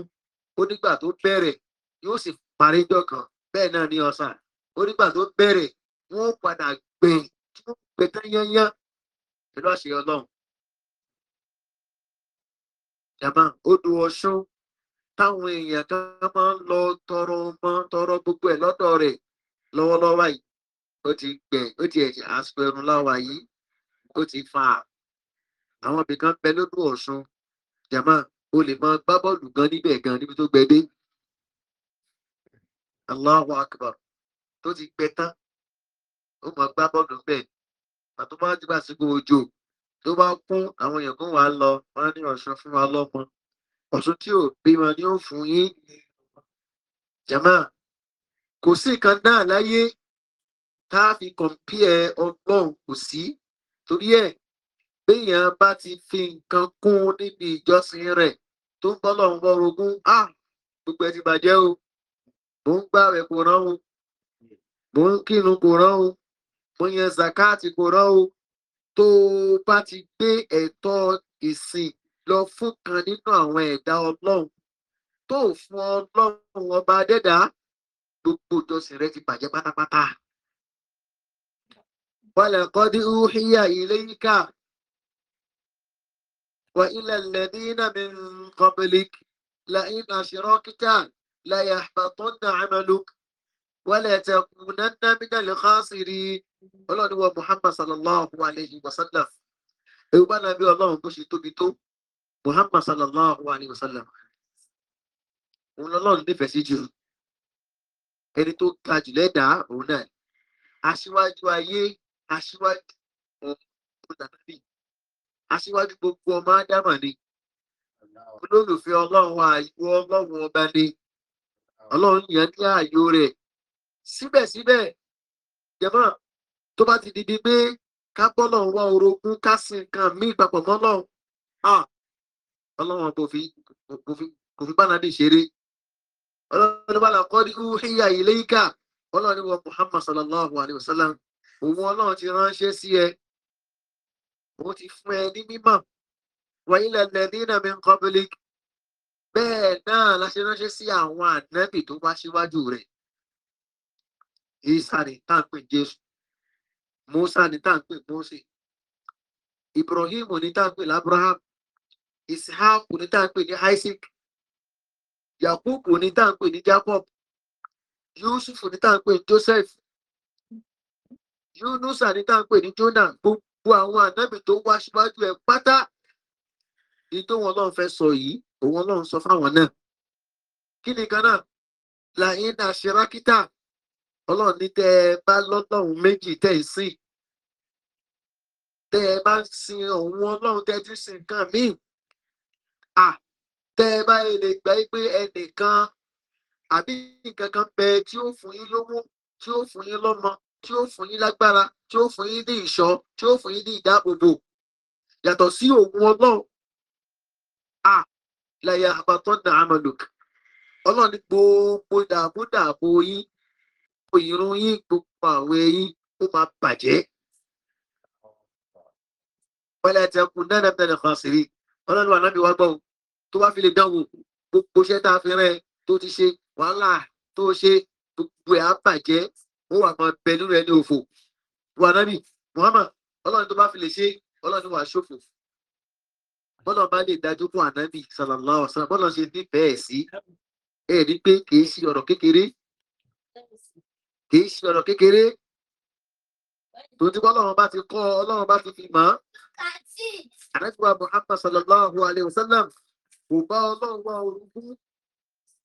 onígbà tó bẹ̀rẹ̀ yóò sì parí jọ̀kan bẹ́ẹ̀ náà ní ọ̀sán onígbà tó bẹ̀rẹ̀ wọ́n padà gbẹ̀ tí wọ́n gbẹ̀ tán yányán pẹ̀lú àṣeyọ ọlọ́run. Jàmá odò ọ̀ṣun táwọn èèyàn kan máa ń lọ tọrọ ọmọ tọrọ gbogbo ẹ̀ lọ́dọ̀ rẹ̀ lọ́wọ́lọ́wọ́ yìí. Ó ti gbẹ ó ti ẹ̀jẹ̀ àsìkò ẹnu láwa yìí ó ti fa àwọn ibìkan pẹ lódò ọ̀ṣun. Jàmá o lè máa gbá bọ́ọ̀lù gan níbẹ̀ gan níbi tó gbẹ dé. Allahu akbar tó ti gbẹ tán ó máa gbá bọ́ọ̀lù bẹ́ẹ̀ àti bá ti lásìkò òjò tó bá kún àwọn èèyàn kan wàá lọ wọn ní ọ̀ṣun fún wa lọ́mọ ọ̀ṣun tí ò bímọ ni ó fún yín jama kò sí nǹkan náà láyé tá a fi kọ̀m̀pìẹ̀ ọgbọ́n kò sí torí ẹ̀ béèyàn bá ti fi nǹkan kún níbi ìjọsìn rẹ̀ tó ń bọ́lọ̀ ń wọ́n rogún á gbogbo ẹ ti bàjẹ́ o mò ń gbàwẹ̀ kò rán o mò ń kírun kò rán o mo yan zakati kò rán o tó o bá ti gbé ẹ̀tọ́ ìsìn lọ fún kan nínú àwọn ẹ̀dá ọlọ́run tó o fún ọlọ́run ọba adẹ́dá gbogbo ìjọsìn rẹ ti bàjẹ́ pátápátá. wàlẹ̀ kọ́dí uhiya iléyíká wà ilẹ̀ lẹ́dínà mi kọ́bílík lẹ́yìn àṣírọ́kítà lẹ́yìn àpàtọ́nà àmàlùkù wala takunanna minal khasirin ọlọ́niwọ̀ muhammad sallallahu alayhi wa sallam ewu bá nàbí ọlọ́run bó ṣe tóbi tó muhammad sallallahu alayhi wa sallam òun lọ́lọ́run nífẹ̀ẹ́ sí jù ẹni tó ga jù lẹ́dà òun náà aṣíwájú ayé aṣíwájú ọ̀hún tàbí aṣíwájú gbogbo ọmọ ádámà ni olólùfẹ́ ọlọ́run ọba ni ọlọ́run yẹn ní ààyò rẹ̀ síbẹ̀síbẹ̀ jẹ̀mọ́ tó bá ti dìde pé ká bọ́lọ̀ ń wá orogún ká sin nǹkan mí papọ̀ mọ́ náà ọlọ́run kò fi kò fi bánadì ṣeré ọlọ́run bá làkọ́ ní híyà ilé ìkà ọlọ́run wọ Muhammad sallallahu alayhi wa sallam òun ọlọ́run ti ránṣẹ́ sí ẹ òun ti fún ẹ ní mímọ̀ wọ́n ilẹ̀ nàìjíríà min qablik bẹ́ẹ̀ náà la ṣe ránṣẹ́ sí àwọn ànábì tó wá síwájú rẹ̀ isa ni tá ń pè jésù musa ni tá ń pè mose ibrahim ni tá ń pè labraham ishaq ni tá ń pè ní isaac yakub ni tá ń pè ní jacob yusuf ni tá ń pè ní joseph yunusa ni tá ń pè ní jonah gbogbo àwọn ànábì tó wá síwájú ẹ pátá ní tó wọn lọ́n fẹ́ sọ yìí òun lọ́n sọ fáwọn náà kí ni ganan làyín náà ṣe rákítà ọlọ́run ní tẹ́ ẹ bá lọ́lọ́run méjì tẹ́ ẹ sìn tẹ́ ẹ bá sin ọ̀hún ọlọ́run tẹ́ ẹ ti sin nǹkan míì à tẹ́ ẹ bá lè gbà pé ẹnìkan àbí nǹkan kan bẹ tí ó fún yín lówó tí ó fún yín lọ́mọ tí ó fún yín lágbára tí ó fún yín ní ìṣọ́ tí ó fún yín ní ìdáàbòbò yàtọ̀ sí òun ọlọ́run à lẹ́yìn àbátọ́ nà ọlọ́run ní gbogbo dààmú dààbò yín ìrun yín gbogbo àwọn eyín ó máa bàjẹ́ wọ́n lẹ́tẹ̀ kù náà tẹ̀lé kan sí rí ọlọ́run ànábì wá gbọ́ tó bá fi lè dánwò gbogbo iṣẹ́ tá a fi rẹ tó ti ṣe wàhálà tó ṣe gbogbo ẹ̀ á bàjẹ́ ó wà máa bẹ nínú ẹni òfò wà nábì Muhammad ọlọ́run tó bá fi lè ṣe ọlọ́run wà ṣòfò bọ́lọ̀ bá lè dájú fún ànábì sallallahu alaihi wasallam bọ́lọ̀ ṣe nífẹ̀ẹ́ sí ẹ̀ẹ́dí pé kì í ṣe ọ̀rọ̀ kékeré kìí ṣe ọ̀rọ̀ kékeré tó ti bọ́lọ́run bá ti kọ́ ọlọ́run bá ti fi mọ́ àrẹ́sìwá Muhammad sallallahu alayhi wa sallam kò bá ọlọ́run wá orogún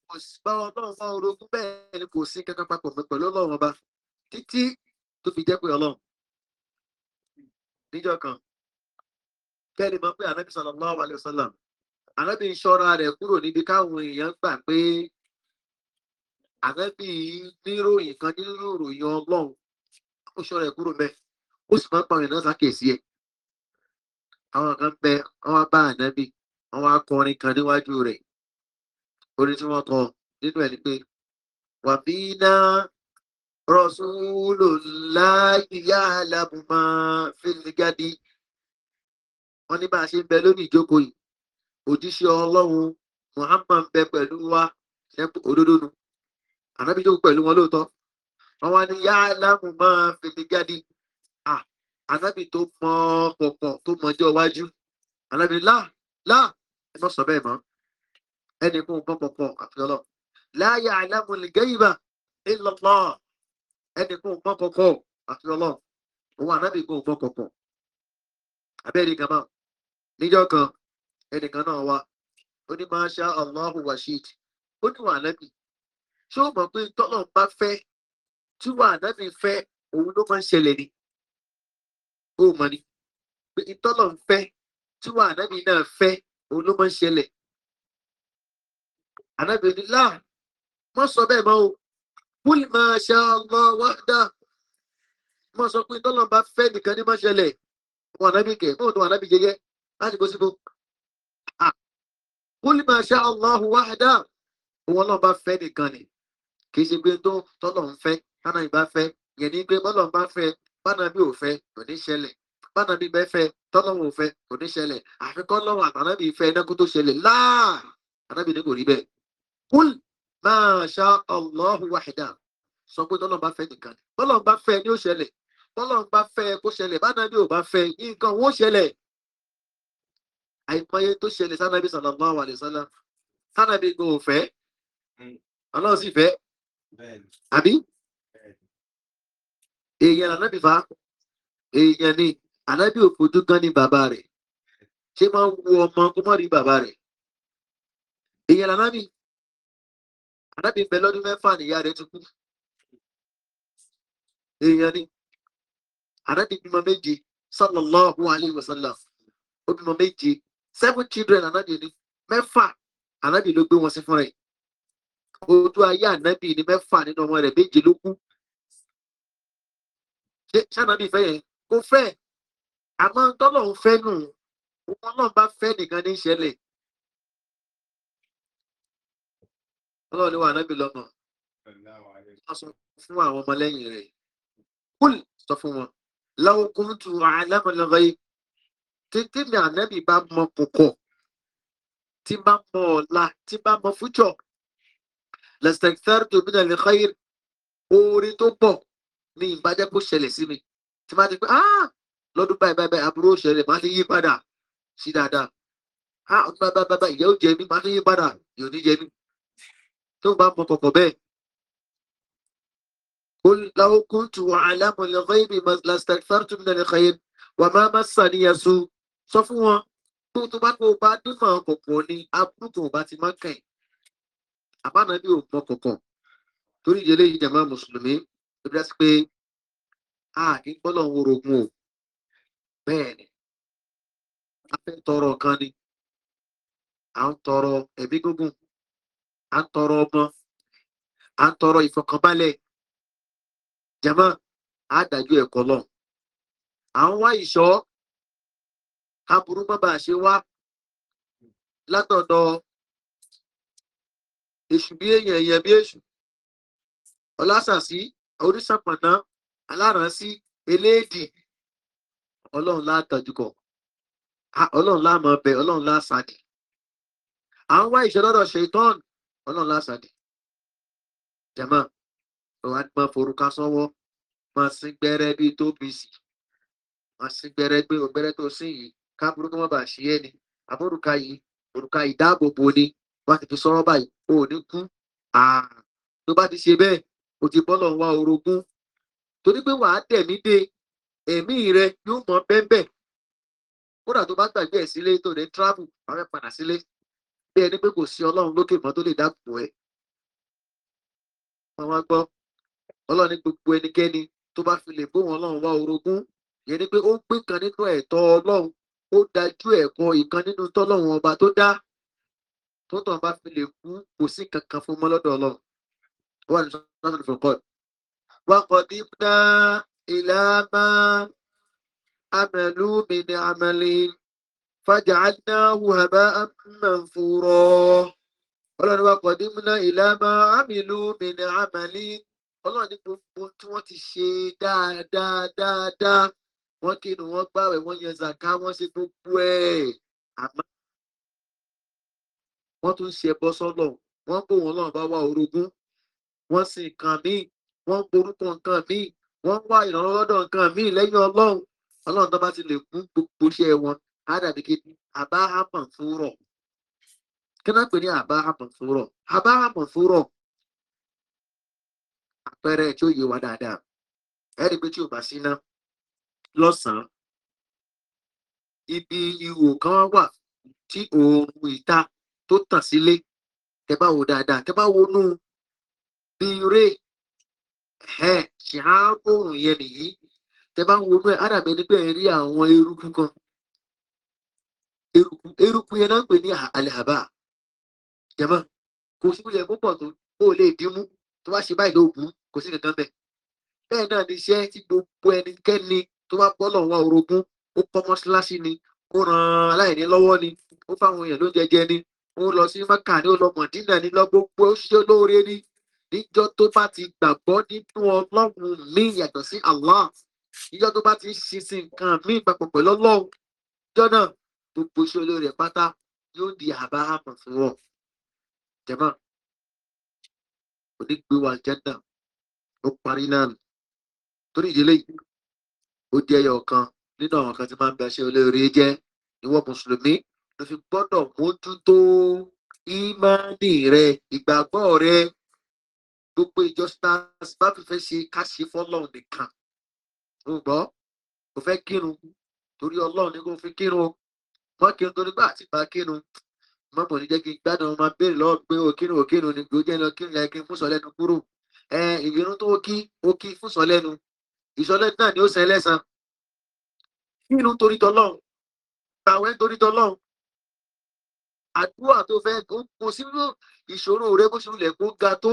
kò sí bá ọlọ́run wá orogún bẹ́ẹ̀ ni kò sí kankan papọ̀ pẹ̀lú ọlọ́run ọba títí tó fi jẹ́ pé ọlọ́run níjọ́ kan kẹ́ni mọ̀ pé àrẹ́bí sallallahu alayhi wa sallam àrẹ́bí ń ṣọ́ra rẹ̀ kúrò níbi káwọn èèyàn gbà pé ànábì níròyìn kan nínú ìròyìn ọlọ́run ó ṣọ́ra ẹ̀ kúrò mẹ́ ó sì máa ń pààrọ̀ náà sákèsí ẹ̀ àwọn kan bẹ wọn bá ànábì àwọn akọrin kan níwájú rẹ̀ orí tí wọ́n kọ nínú ẹ̀ ni pé wàbíná rọ̀ṣúlòláyà alábùmọ̀ fílígádì wọ́n ní bá a ṣe ń bẹ lórí ìjókòó yìí òjíṣẹ́ ọlọ́run muhammad bẹ pẹ̀lú wa òdodo nu ànábì jókòó pẹ̀lú wọn lóòótọ́ wọn wá ní yá lámù máa fètè jáde ànábì tó mọ pọ̀pọ̀ tó mọjọ́ iwájú ànábì láà láà ẹ mọ̀ sọ bẹ́ẹ̀ mọ́ ẹnì kún mọ pọ̀pọ̀ àfihàn láàyè àlámù lìgẹ́yìnbà ìlọ́lọ́ ẹnì kún mọ pọ̀pọ̀ àfihàn òun ànábì kún mọ pọ̀pọ̀ abẹ́rẹ́ kan náà níjọ́ kan ẹnìkan náà wá ó ní máa ṣá ọlọ́hùn wàṣíìtì ó níwọ̀n ànábì ṣé o mọ̀ pé tọ́lọ̀ bá fẹ́ tí wà nábì fẹ́ òun ló máa ń ṣẹlẹ̀ ni ó mọ̀ ni pé tọ́lọ̀ ń fẹ́ tí wà nábì náà fẹ́ òun ló máa ń ṣẹlẹ̀ ànábì ní láà mọ́ sọ bẹ́ẹ̀ mọ́ o kúlì máa ṣe ọmọ wá dá mọ́ sọ pé tọ́lọ̀ bá fẹ́ nìkan ní máa ṣẹlẹ̀ wọn ànábì kẹ̀ mọ́ òun ànábì jẹjẹ láti kó síbò máa ṣe ọmọ wá dá òun ọlọ́ọ̀ bá fẹ́ nìkan ni kì í ṣe pé tó tọ́lọ̀ ń fẹ́ tánà ìbá fẹ́ yẹn ní pé bọ́lọ̀ ń bá fẹ́ bánà bí ò fẹ́ kò ní ṣẹlẹ̀ bánà bí bẹ́ fẹ́ tọ́lọ̀ ń fẹ́ kò ní ṣẹlẹ̀ àfikọ́ lọ́wọ́ àtàná bí fẹ́ iná kó tó ṣẹlẹ̀ láà ànábì ní kò rí bẹ́ẹ̀. kúl máa ṣá Allahu wahida sọ pé tọ́lọ̀ bá fẹ́ nìkan ni bọ́lọ̀ bá fẹ́ ni ó ṣẹlẹ̀ bọ́lọ̀ bá fẹ́ kó ṣẹlẹ̀ bánà bí ò bá fẹ́ nǹkan wọ́n ṣẹlẹ̀ àìmọye tó ṣẹlẹ̀ sanabi sallallahu alayhi wa sallam sanabi kò hmm. ọlọ́run sì fẹ́ àbí èèyàn ànábì fa èèyàn ni ànábì ò fojú gan ni bàbá rẹ̀ ṣé máa ń wo ọmọ kó má rí bàbá rẹ̀ èèyàn ànábì ànábì bẹ lọ́dún mẹ́fà nìyá rẹ̀ ti kú èèyàn ni ànábì bímọ méje sallallahu alayhi wa sallam ó bímọ children ànábì ni mẹ́fà ànábì ló gbé wọn sí fúnra yìí ojú ayé ànábì ni mẹ́fà nínú ọmọ rẹ̀ méje ló kú ṣànábì fẹ́ yẹn kò fẹ́ àmọ́ tọ́lọ̀ ń fẹ́ nù wọn náà bá fẹ́ nìkan ní ìṣẹ̀lẹ̀ ọlọ́run ni wà ànábì lọ́mọ wọ́n sọ fún àwọn ọmọlẹ́yìn rẹ̀ kúl sọ fún wọn láwọn kún tu alámọlẹ́rẹ́ tètè ní ànábì bá mọ kòkò tí bá mọ ọ̀la tí bá mọ fújọ́ lẹ́sítẹ́kítẹ́rì tó bí nàlẹ́ xayir oore tó pọ̀ ní ìbàjẹ́ kó ṣẹlẹ̀ sí mi tí máa ti pé ah lọ́dún báyìí báyìí àbúrò ṣẹlẹ̀ máa ti yí padà sí dáadáa ah ọdún báyìí báyìí báyìí ìyá ó jẹ mí máa ti yí padà yóò ní jẹ mí tó bá mọ kọ̀kọ̀ bẹ́ẹ̀. قل لو كنت أعلم الغيب لاستكثرت من الخير وما مسني السوء sọ fún wọn tó tó bá tó bá dúnmọ̀ kòkòrò ni abúlùkù bá ti máa ń kàn àbánabi ò mọ kọ̀ọ̀kan torí ìdílé yìí jàmá mùsùlùmí ló pé a kì í gbọ́dọ̀ ń o bẹ́ẹ̀ ni a fẹ́ tọrọ kan ni tọrọ ẹ̀mí gígùn à tọrọ ọmọ a ń tọrọ ìfọkànbalẹ̀ jàmá a dájú ẹ̀kọ́ lọ à ń wá ìṣọ́ èṣù bie èèyàn èèyàn bí èṣù ọlásàsí orísàpọ̀nà aláránsí eléèdì ọlọ́run látàjúkọ ọlọ́run láàmọ̀ bẹ ọlọ́run lásàdì à ń wá ìṣẹ́lọ́dọ̀ ṣètọ́n ọlọ́run lásàdì jẹ̀mọ́ ọ̀wá ti máa forúkà sọ́wọ́ máa sín gbẹ́rẹ́ bíi tó bí sí máa gbẹ́rẹ́ gbé tó sí yìí ká burúkú ṣí ẹni yìí ni wá ti fi sọ̀rọ̀ báyìí o ò ní kú tó bá ti ṣe bẹ́ẹ̀ o ti bọ́lọ̀ wá orogún torí pé wàá tẹ̀mí dé ẹ̀mí rẹ yóò mọ bẹ́ẹ̀bẹ́ẹ̀ kódà tó bá gbàgbé ẹ̀ sílé tó lè travel àwọn padà sílé bí ẹni pé kò sí ọlọ́run lókè mọ́ tó lè dákun ẹ̀. àwọn gbọ́ ọlọ́run ní gbogbo ẹnikẹ́ni tó bá fi lè bóun ọlọ́run wá orogún ìyẹn ni pé ó gbé kan nínú ẹ̀tọ́ ọlọ́run ó dájú ẹ̀kọ́ ìkan nínú tọ́lọ́run ọba tó dá tó tọ̀ bá fi lè kú kò sí kankan fún mọ́lọ́dọ̀ ọlọ́run wọ́n ní sọ́dọ̀ fòkọ́ wọ́n kọ́ dípná ìlàmà amẹ̀lú mi ní amẹ̀lí fàjà àdínà wùhàbá mẹ́fúrọ́ ọlọ́run wọ́n kọ́ dípná ìlàmà amẹ̀lú mi ní amẹ̀lí ọlọ́run ní gbogbo tí wọ́n ti ṣe dáadáa dáadáa wọ́n kí ni wọ́n gbàwẹ̀ wọ́n yẹn zàká wọ́n ṣe gbogbo ẹ̀ àmọ́ wọ́n tún ṣe ẹbọ sọ́lọ̀ wọ́n pò wọ́n lọ́nà bá wá orogún wọ́n sì nǹkan míì wọ́n porúkọ nǹkan míì wọ́n wá ìrànlọ́wọ́ lọ́dọ̀ nǹkan míì lẹ́yìn ọlọ́run ọlọ́run tó bá ti lè kún gbogbo iṣẹ́ wọn á dàbí kébi àbáhàmọ̀ fúnrọ̀ kí náà pè ní àbáhàmọ̀ fúnrọ̀ àbáhàmọ̀ fúnrọ̀ àpẹẹrẹ tí ó yé wa dáadáa ẹ rí i pé tí ò bá sí lọ́sàn-án ibi ihò kan wà tí oòrùn ìta tó tàn sílé tẹ bá wo dáadáa tẹ bá wonú bí ré ẹ ṣàbòrùn yẹn nìyí tẹ bá wonú ẹ ádàbẹ nígbà yẹn rí àwọn eruku kan eruku eruku yẹn náà ń pè ní àlehàbà jẹmọ kò sí ilẹ̀ púpọ̀ tó ó lè dìímú tó bá ṣe báyìí ló bù ú kò sí kankan bẹ́ẹ̀ bẹ́ẹ̀ náà ni iṣẹ́ tí gbogbo ẹnikẹ́ni tó bá bọ́lọ̀ wọn orogún ó kọ́ mọ́ṣáláṣí ni ó ran aláìní lọ́wọ́ ni ó fáwọn èèyàn ló ń jẹjẹ ni ó lọ sí mọ́kà ní ó lọ mọ̀dínà ní lọ gbogbo ṣé lóore ní níjọ́ tó bá ti gbàgbọ́ nínú ọlọ́run mi yàtọ̀ sí allah níjọ́ tó bá ti ṣe sí nǹkan mi papọ̀ pẹ̀lú ọlọ́run níjọ́ náà gbogbo ṣé olóore pátá yóò di àbáhámọ̀ fún wọn jẹ́mọ́ onígbéwà jẹ́nà ó parí náà nù torí ìdílé yìí ó di ẹyọ kan nínú àwọn kan tí máa ń bẹ ṣe olóore jẹ́ ìwọ mùsùlùmí ló fi gbọ́dọ̀ mójútó ìmánì rẹ ìgbàgbọ́ rẹ gbogbo ìjọsìn bá fi fẹ́ ṣe ká ṣe fọ́lọ́run nìkan ó gbọ́ kò fẹ́ kírun torí ọlọ́run ni kò fi kírun wọ́n kírun torí bá àti bá kírun mọ́mọ́ ní jẹ́ kí n gbádùn ọmọ béèrè lọ́wọ́ pé òkírun òkírun ni gbòjẹ́ lọ kírun yẹ kí n fúnṣọ lẹ́nu kúrò ìrírun tó kí ó kí fúnṣọ lẹ́nu náà ni ó sẹ́ lẹ́sàn kírun torí tọlọ́run tàwẹ́ torí tọlọ́run àdúrà tó fẹ́ kó sínú ìṣòro rẹ bó ṣe rúlẹ̀ kó ga tó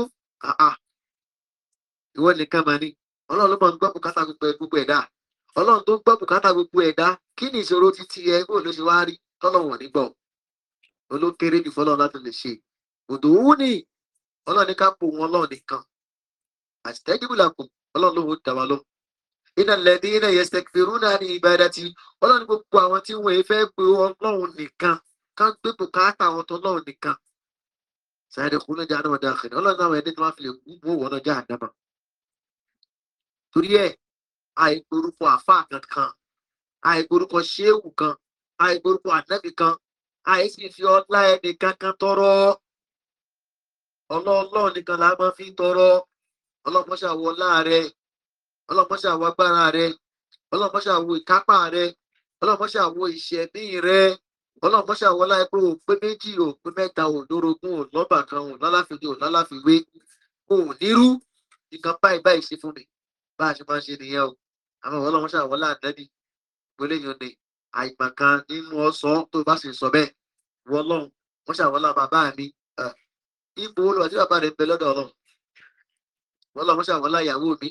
ìwọ nìkan mà ní ọlọ́run ló máa ń gbọ́ bùkátà gbogbo ẹ̀dá ọlọ́run tó ń gbọ́ bùkátà gbogbo ẹ̀dá kí ni ìṣòro ti ti ẹ bó ló ṣe wá rí tọ́lọ̀wọ̀n nígbọ̀ olókèrè ní fọlọ́run láti lè ṣe òdò wú ni ọlọ́run ní ká pò wọn ọlọ́run nìkan àtìtẹ́jú làkù ọlọ́run ló ń lọ. iná lẹ́dí iná yẹn ṣẹ̀kìfì rúnà ní ìbàdàn ti ọlọ́run gbogbo àwọn tí wọ́n fẹ́ pe ọlọ́run nìkan ká gbé bùkátà wọn tọ́ náà nìkan sáyẹ̀dẹ̀ kúnlé jẹ́ àdámọ̀ dáhùn ọlọ́run náà ẹni tó máa fi lè gbó wọn náà jẹ́ àdámọ̀ torí ẹ̀ àìgbórúkọ àfáà kankan àìgbórúkọ ṣéwù kan àìgbórúkọ ànábì kan àìsí fi ọlá ẹni kankan tọrọ ọlọ́ọ̀lọ́ọ̀ nìkan la máa fi tọrọ ọlọ́mọṣà wọ ọlá rẹ ọlọ́mọṣà wọ agbára rẹ ọlọ́mọṣà wọ ìkápá rẹ ọlọ́mọṣà wọ ìṣẹ̀mí rẹ ọlọ́mọṣà wọlá ẹgbẹ́ ò pé méjì ò pé mẹ́ta ò lórogún ò lọ́bà kan ò lálàfíwé ò lálàfíwé ò nírú nǹkan báyìí báyìí ṣe fún mi bá a ṣe máa ń ṣe nìyẹn o àwọn ọlọ́mọṣà wọlá àdẹ́bì ìpínlẹ̀ yìí ni àìgbà kan nínú ọ̀sán tó bá sì sọ bẹ́ẹ̀ wọ ọlọ́run wọ́n ṣàwọlá bàbá mi ipò olùwà tí bàbá rẹ̀ bẹ lọ́dọ̀ ọlọ́run wọ́n lọ́wọ́ ṣàwọlá ìyàwó mi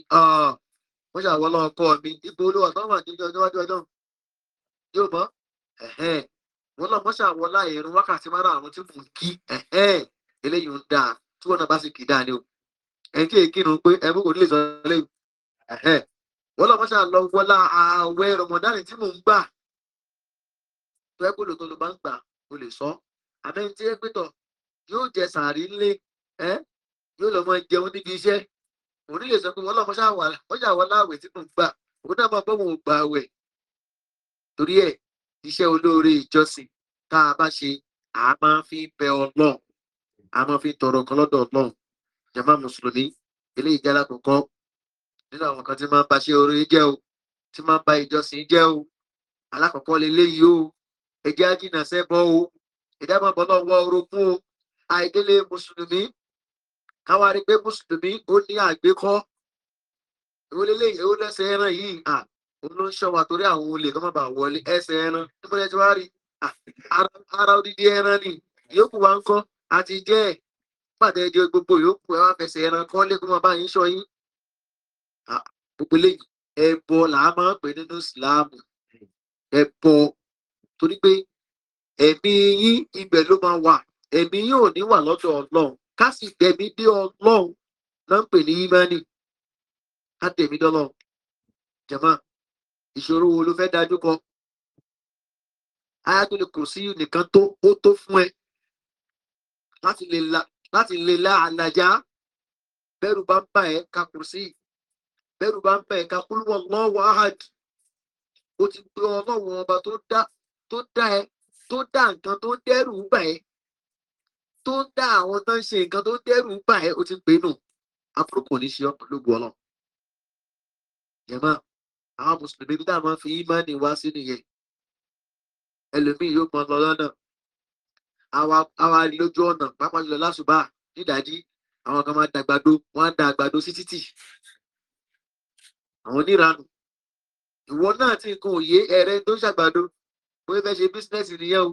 wọn lọ mọ́ṣà wọ láì irun wákàtí márààrún tí mò ń kí eléyìí ń dáa tí wọn náà bá sì kì í dáa ni o ẹni tí èkìnnú pé ẹ mú kò ní lè sọ eléyìí wọn lọ mọ́ṣà lọ wọlá ààwẹ̀ rọmọdánì tí mò ń gbà tó ẹ kó lòtọ́ ló bá ń gbà o lè sọ àbẹ́ni tí ẹ pé tọ̀ yóò jẹ sàárì ńlé ẹ yóò lọ mọ jẹun níbi iṣẹ́ òun ní lè sọ iṣẹ́ olóore ìjọsìn tá a bá ṣe a máa fi bẹ ọlọ́run a máa fi tọrọ kan lọ́dọ̀ ọlọ́run jama mùsùlùmí eléyìí jẹ́ alákọ̀ọ́kọ́ nínú àwọn kan tí máa ń ba ṣe oore jẹ́ o tí máa ń ba ìjọsìn jẹ́ o alákọ̀ọ́kọ́ leléyìí o ẹ̀jẹ̀ ajínà sẹ́bọ̀ o ìdábọ̀ bọ́lá wọ orogún o àìdílé mùsùlùmí káwa rí pé mùsùlùmí ó ní àgbékọ́ ìwọlélẹ́yìn ewúrẹ́sẹ̀ ẹran yìí ló ń ṣọ́ wa torí àwọn olè kọ́ má bàa wọlé ẹsẹ̀ ẹran nípínlẹ̀ tí wàá rí ara odidi ẹran ni yòókù wa ń kọ́ àti jẹ́ ẹ̀ pàtẹ di gbogbo yòókù ẹ wá fẹsẹ̀ ẹran kọ́ lé kó má bàa yín ṣọ́ yín. gbogbo eléyìí ẹbọ là á máa ń pè nínú ìsìláàmù ẹbọ torí pé ẹ̀mí yín ibẹ̀ ló máa wà ẹ̀mí yín ò ní wà lọ́dọ̀ ọlọ́run ká sì tẹ̀mí dé ọlọ́run náà pè ní ímánì ká tẹ̀mí dọ́lọ́run jẹ̀mọ́ ìṣòro wo ló fẹ́ dájú kọ ayatollah kùrùsí nìkan tó ó tó fún ẹ láti lè la láti lè la ànàjà bẹ́rù bá ń bà ẹ́ ka kùrùsí bẹ́rù bá ń bà ẹ́ ka kúlúwọ̀ lọ́wọ́ ahad ó ti gbé ọlọ́wọ́n ọba tó dá tó dá ẹ tó dá nǹkan tó dẹ́rù bà ẹ́ tó ń dá àwọn tó ń ṣe nǹkan tó dẹ́rù bà ẹ́ ó ti gbé nù àpòròkò ní ṣe ọ̀pọ̀lọpọ̀ ọlọ́run àwọn mùsùlùmí bí táwọn fi ímánì wá sí nìyẹn ẹlòmíì yóò pọn lọ lọ́nà àwa rí lójú ọ̀nà pápá jùlọ lásùbà nídàájí àwọn kan máa dàgbàdo wọn á da àgbàdo sí títì àwọn oníranù ìwọ náà tí nǹkan òye ẹrẹ tó ṣàgbàdo bóyá fẹ́ ṣe bísínẹ́sì nìyẹn o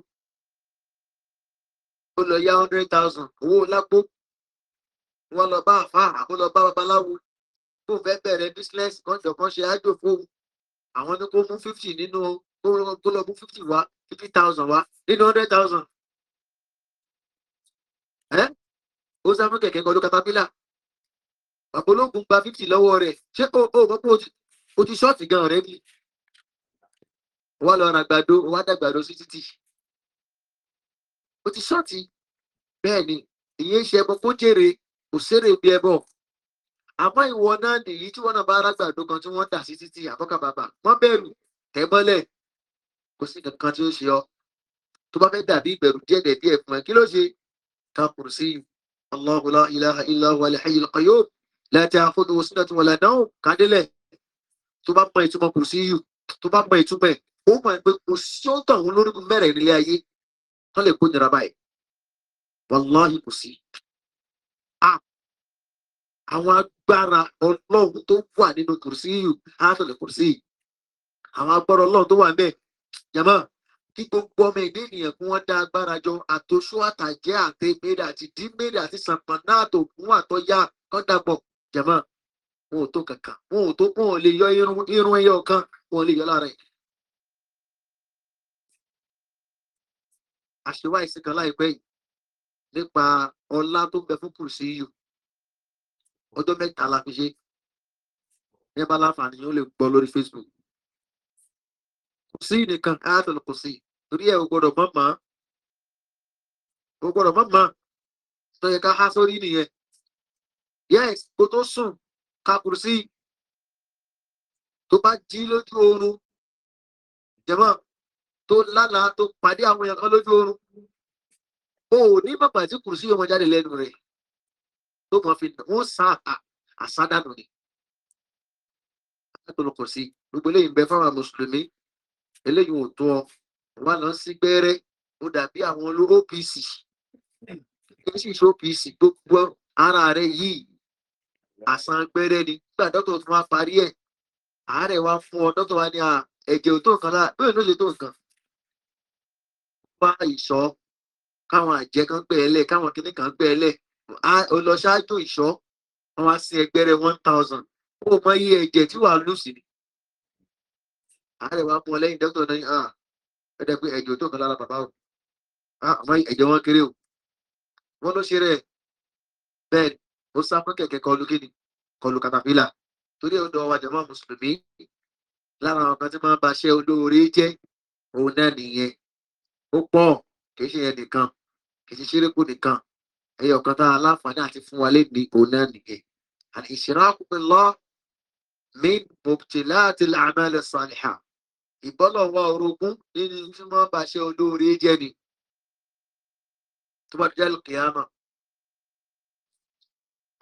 ó lọ yá hundred thousand owó lápò wọn lọ bá àfa àkó lọ bá babaláwo tó fẹ́ bẹ̀rẹ̀ business kọ́ńdọ̀kan ṣe ájò fún àwọn ní kó mú fifty nínú kó lọ mú fifty wá fifty thousand wá nínú hundred thousand. ó sá fún kẹ̀kẹ́ kan ló katapila bàbá ológun gba fifty lọ́wọ́ rẹ̀ ṣé o ò mọ̀ pé o ti ṣọ́ọ̀tì gan rẹ̀ bí wà lọ ra gbàdo wà dàgbàdo sí títì o ti ṣọ́ọ̀tì bẹ́ẹ̀ ni ìyẹn ṣe ẹbọ kó jèrè kò sèrè bí ẹbọ àmọ́ ìwọ náà nìyí tí wọ́n náà bá rágbà tó kan tí wọ́n dà sí títí àbọ́kà bàbà wọ́n bẹ̀rù tẹ́ mọ́lẹ̀ kò sí kankan tí ó ṣe ọ́ tó bá fẹ́ dàbí ìbẹ̀rù díẹ̀ díẹ̀ fún ẹ kí ló ṣe ka kùrùsí Allahu la ilaha illa huwa al-hayyul qayyum la ta'khudhuhu sinatun wa la nawm kádélẹ̀ tó bá mọ ìtumọ̀ kùrùsí yù tó bá mọ ìtumọ̀ ẹ̀ ó mọ̀ àwọn agbára ọlọ́run tó wà nínú kùrùsí yìí àtọ̀lẹ̀ kùrùsí yìí àwọn agbára ọlọ́run tó wà ń bẹ̀ jàmọ́ kí gbogbo ọmọ ìdí ènìyàn kí wọ́n dá agbára jọ àtòṣó àtàjẹ́ àti mẹ́rẹ̀ àti dímẹ́rẹ̀ àti sàǹpà náà tó mú àtọ́yá kan dàpọ̀ jàmọ́ wọn ò tó kankan wọn ò tó wọn ò lè yọ irun ẹyọ kan wọn ò lè yọ lára ẹ̀. àṣewá ìsìnkàn láìpẹ́ yìí nípa ọlá tó ń bẹ fún kùrùsí yìí ọjọ́ mẹ́ta la fi ṣe ẹ bá láǹfààní yóò lè gbọ́ lórí facebook kò sí nìkan ayatollah kò sí torí ẹ ò gbọ́dọ̀ mọ́ mọ́ ò gbọ́dọ̀ mọ́ mọ́ ká há sórí nìyẹn yes kó tó sùn ká kùrù sí tó bá jí lójú oorun jẹmọ tó lálàá tó pàdé àwọn èèyàn kan lójú oorun o ò ní bàbà tí kùrù sí ọmọ jáde lẹ́nu rẹ̀ tó mọ̀ fi wọ́n san àsádànù ni. Àtàkùn kò sí gbogbo eléyìí ń bẹ fáwọn Mùsùlùmí eléyìí ò tó ọ wọn lọ sí gbẹ́rẹ́ ó dàbí àwọn OPC kí sì ṣe OPC gbogbo ara rẹ yìí àsan gbẹ́rẹ́ ni nígbà dọ́tò tó wá parí ẹ̀ àárẹ̀ wá fún ọ dọ́tò wá ní ẹ̀jẹ̀ ò tó nǹkan láà bóyá ló lè tó nǹkan. Wá ìṣọ́ káwọn àjẹ kan gbẹ̀ káwọn kìnnìkan gbẹ̀ olọ́ṣáájú ìṣọ́ wọn wá sí ẹgbẹ́rẹ́ one thousand ó mọ iye ẹ̀jẹ̀ tí wàá lù sí ni. àárẹ̀ wa mú ọ lẹ́yìn dókítà náà hàn ah, ẹ dẹ́ pé ẹ̀jẹ̀ tó kan lára bàbá o àmọ́ ah, ẹ̀jẹ̀ wọn kéré o wọ́n ló ṣe rẹ̀ bẹ́ẹ̀ ó sá fún kẹ̀kẹ́ kọlu kíni kọlu katapila torí ọ̀dọ̀ wa jẹ̀mọ́ mùsùlùmí lára àwọn kan tí máa ń baṣẹ́ olóore jẹ́ òun náà nìyẹn ó pọ̀ kì í ṣe yẹn nìkan kì í ṣe ṣíríkù nìkan ẹyọ kan tá a láǹfààní àti fún wa lé ní òun náà nìyẹn àti ìṣẹ̀rọ àkùnrin lọ min mubtila àti làmẹlẹ sàlìhà ìbọ́lọ̀wọ́ orogún nínú tí wọ́n bá ṣe olóore jẹ́ ni tó bá jẹ́ kìámà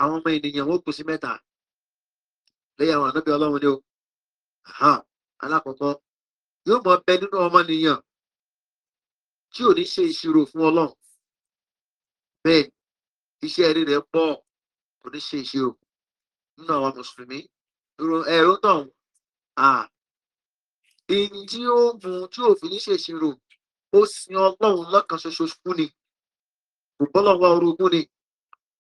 àwọn ọmọ ènìyàn wọ́n kù sí mẹ́ta lẹ́yìn àwọn ànábì ọlọ́run ní o alákọ̀ọ́kọ́ yóò mọ bẹ nínú ọmọnìyàn tí ò ní ṣe ìṣirò fún ọlọ́run bẹ́ẹ̀ iṣẹ́ eré rẹ̀ pọ̀ oníṣe ìṣirò nínú àwọn mùsùlùmí ẹ̀rọ náà èyí tí ó mú tí òfin ní ṣèṣirò ó sin ọlọ́run lọ́kàn ṣoṣo fún ni kò bọ́lọ́wọ́ orogún ni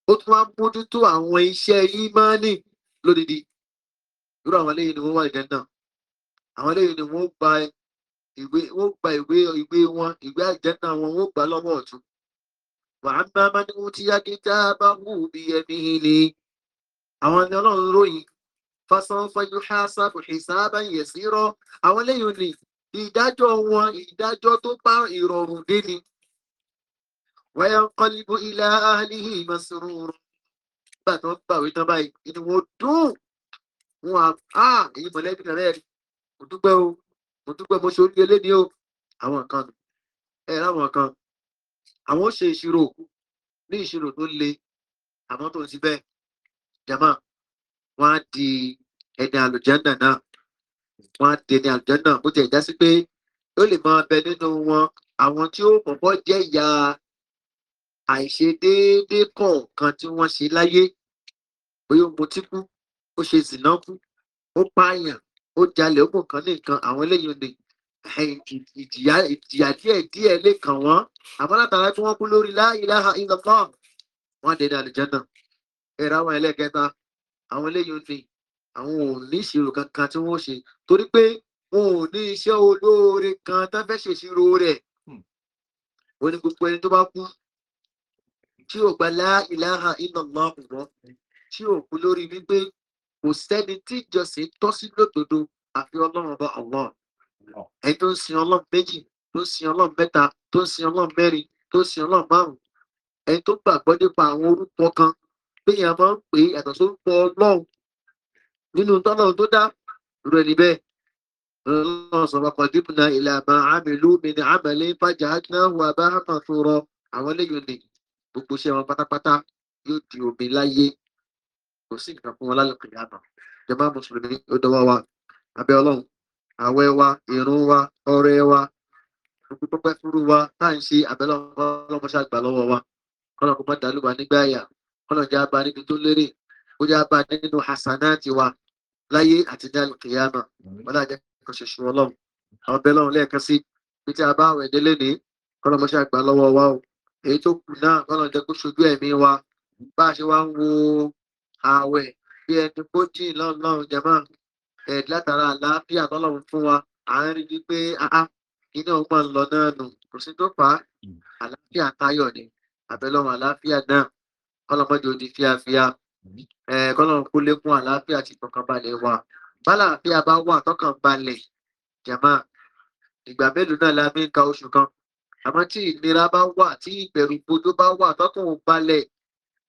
ó tún wá mójútó àwọn iṣẹ́ ìmánì lódìdí irú àwọn eléyìí ni wọ́n wà ìdẹ́ náà àwọn eléyìí ni wọ́n gba ìwé wọ́n gba ìwé ìwé wọn ìwé àjẹ́ náà wọ́n gbà lọ́wọ́ ọ̀tún wàhámà máa ní ohun tí yágídá bá wù bí ẹni ilé àwọn ni ọlọ́run ròyìn fásán fayúhá sáfòṣì sáábà yẹ̀ sí rọ àwọn lẹ́yìn ni ìdájọ́ wọn ìdájọ́ tó bá ìrọ̀rùn dé ni wọ́yá ń kọ́líbú ilẹ̀ ahàlìhì ìmọ̀sùrù rọ̀ nígbà tó ń gbàwé tán báyìí inú wọn dùn wọn à èyí mọ̀lẹ́bí rẹ̀ rí mo dúpẹ́ o mo dúpẹ́ mo ṣe orí eléni o àwọn kan ẹ̀ láwọn kan àwọn ó ṣe ìṣirò òkú ní ìṣirò tó le àmọ́ tó ti bẹ́ẹ̀ jama wọ́n á di ẹni àlùjẹ́nà náà wọ́n á di ẹni àlùjẹ́nà bó ti ẹ̀ já sí pé ó lè máa bẹ nínú wọn àwọn tí ó kọ̀kọ́ jẹ́ ìyá àìṣe déédéé kọ̀ọ̀kan tí wọ́n ṣe láyé bóyá ó mutí kú ó ṣe zìnà kú ó pààyàn ó jalè ó mú nǹkan ní nǹkan àwọn eléyìí ni ìjìyà ìjìyà díẹ̀ díẹ̀ lè kàn wọ́n àmọ́ látara tí wọ́n kú lórí la ilaha illallah wọ́n dé ní àlùjànnà ẹ̀rọ àwọn ẹlẹ́kẹta àwọn eléyìí ń fi àwọn ò ní ìṣirò kankan tí wọ́n ṣe torí pé wọn ò ní iṣẹ́ olóore kan tán fẹ́ ṣèṣirò rẹ̀ wọ́n hmm. ní gbogbo ẹni tó bá kú tí ò gba la ilaha illallah ọ̀rọ̀ tí ò kú lórí wípé kò sẹ́ni tí ìjọsìn tọ́ sí lódodo àfi ọlọ́run Allah ẹni tó ń sin ọlọ́run méjì tó ń sin ọlọ́run mẹ́ta tó ń sin ọlọ́run mẹ́rin tó ń sin ọlọ́run márùn-ún ẹni tó gbàgbọ́ nípa àwọn orúkọ kan péyàn máa ń pè é yàtọ̀ sórúkọ ọlọ́run nínú tọ́lọ́run tó dá rẹ̀ níbẹ̀ ọlọ́run sọ̀rọ̀ kọ̀dípùnà ìlànà àmìlú mi ní àmàlẹ́ fàjà àdínáhùn àbáhàmà tó rọ àwọn eléyìí ni gbogbo iṣẹ́ wọn pátápátá yóò di omi láyé kò sí nǹkan fún wọn lálẹ́ kìlá náà jẹ́ máa mùsùlùmí ó dọwọ́ wa abẹ́ ọlọ́run àwẹ̀ wa ìrun wa ọrẹ wa gbogbo pẹ́pẹ́ fúru wa tá à ń ṣe àbẹ́lẹ́ ọlọ́mọṣẹ́ àgbà lọ́wọ́ wa kọ́nà kó má dàlúwa nígbà àyà kọ́nà jẹ́ abá níbi tó lérè ó jẹ́ abá nínú hasanáàtì wa láyé àti ní alùkìyàmà wọn láàjẹ́ kan ṣoṣo ọlọ́run àwọn bẹ́ẹ̀ lọ́run lẹ́ẹ̀kan sí bí tí a bá àwẹ̀ délé ní kọ́lọ́mọṣẹ́ àgbà lọ́wọ́ wa o èyí tó kù náà kọ́nà jẹ́ kó ṣojú ẹ̀mí wa bá a ṣe wá ń wo àwẹ̀ bí ẹni kó dín lọ́nà jẹ̀mọ́ látara àlàáfíà tọ́lọ́run fún wa à ń rí wípé iná ọgbà ń lọ náà nù kò sí tó fà á hmm. àlàáfíà táyọ̀ ni àbẹ̀lọ́run àlàáfíà náà kọ́lọ́mọdé odi fíafíà hmm. kọ́lọ́run kó lékún àlàáfíà àti ìfọkànbalẹ̀ wa bálàáfíà bá wà tọkàn balẹ̀ ìgbà mélòó náà la fi ń ka oṣù kan àmọ́ tí ìnira bá wà tí ìbẹ̀rù gbodó bá wà tọkàn ò balẹ̀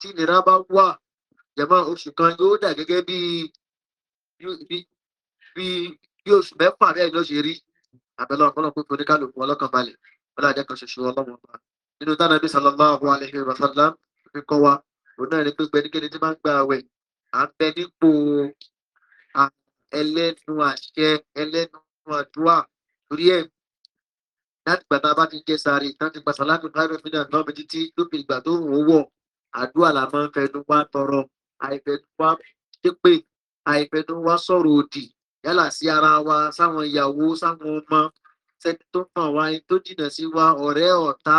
tí ìnira bá wà jàmá oṣù kan yóò dà gẹ́gẹ́ bí bí bí oṣù mẹ́fà rẹ̀ ló ṣe rí àbẹ̀lọ ọ̀pọ̀lọpọ̀ tó ní kálukú ọlọ́kàn balẹ̀ ọlọ́àjẹ́ kan ṣoṣo ọlọ́wọ́n ọba nínú tánà bí sallallahu alaihi wa sallam fi kọ́ wa òun náà ni pé gbẹnikẹ́ni tí máa ń gba àwẹ̀ à ń bẹ nípò ẹlẹ́nu àṣẹ ẹlẹ́nu àdúrà torí ẹ̀ láti gbà tá a bá ti jẹ sáré láti gbà sàlámù káyọ̀ fún ìdá náà méjì tí ló fi ìgbà tó wò wọ̀ àdúrà là máa ń fẹnu wá tọrọ àìfẹnu wá ṣépè àìfẹnu wá sọ̀rọ̀ òdì yálà sí ara wa sáwọn ìyàwó sáwọn ọmọ sẹni tó mọ̀ wá ẹni tó jìnnà sí wa ọ̀rẹ́ ọ̀tá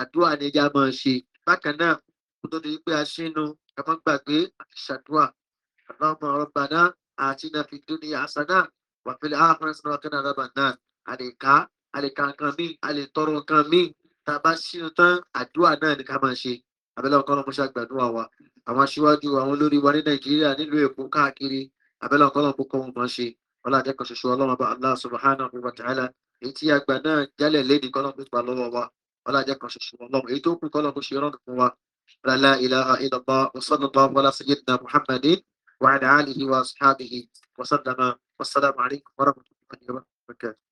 àdúrà ni ẹja máa ṣe bákan náà kó tó di pé a ṣínú ẹ má gbàgbé àti ṣàdúrà àbámọ ọba náà àti iná fi dún ní àṣà náà wà pẹ̀lú ààfin sínú akẹ́nà àdàbà náà àlèká àlèká nǹkan míì àlètọrọ nǹkan míì tá a bá ṣínú tán àdúrà náà ni ká máa ṣe abẹ́lẹ́ ọkọ́ ọlọ́mọṣẹ́ àgbàdúrà wa àwọn aṣíwájú àwọn olórí wa ní nàìjíríà nílùú èkó káàkiri abẹ́lẹ̀ ọ̀kọ́lọ́ kó kóhun kan ṣe ọlọ́jẹ́ kan ṣoṣo ọlọ́run bá Allah subhanahu wa ta'ala èyí tí àgbà náà jálẹ̀ lé ní kọ́lọ́ tó gbà lọ́wọ́ wa ọlọ́jẹ́ kan ṣoṣo ọlọ́run èyí tó kù kọ́lọ́ kó ṣe rán fún wa la ilaha illallah wa sallallahu ala sayyidina muhammadin wa alihi wa ashabihi wa sallama wassalamu alaikum wa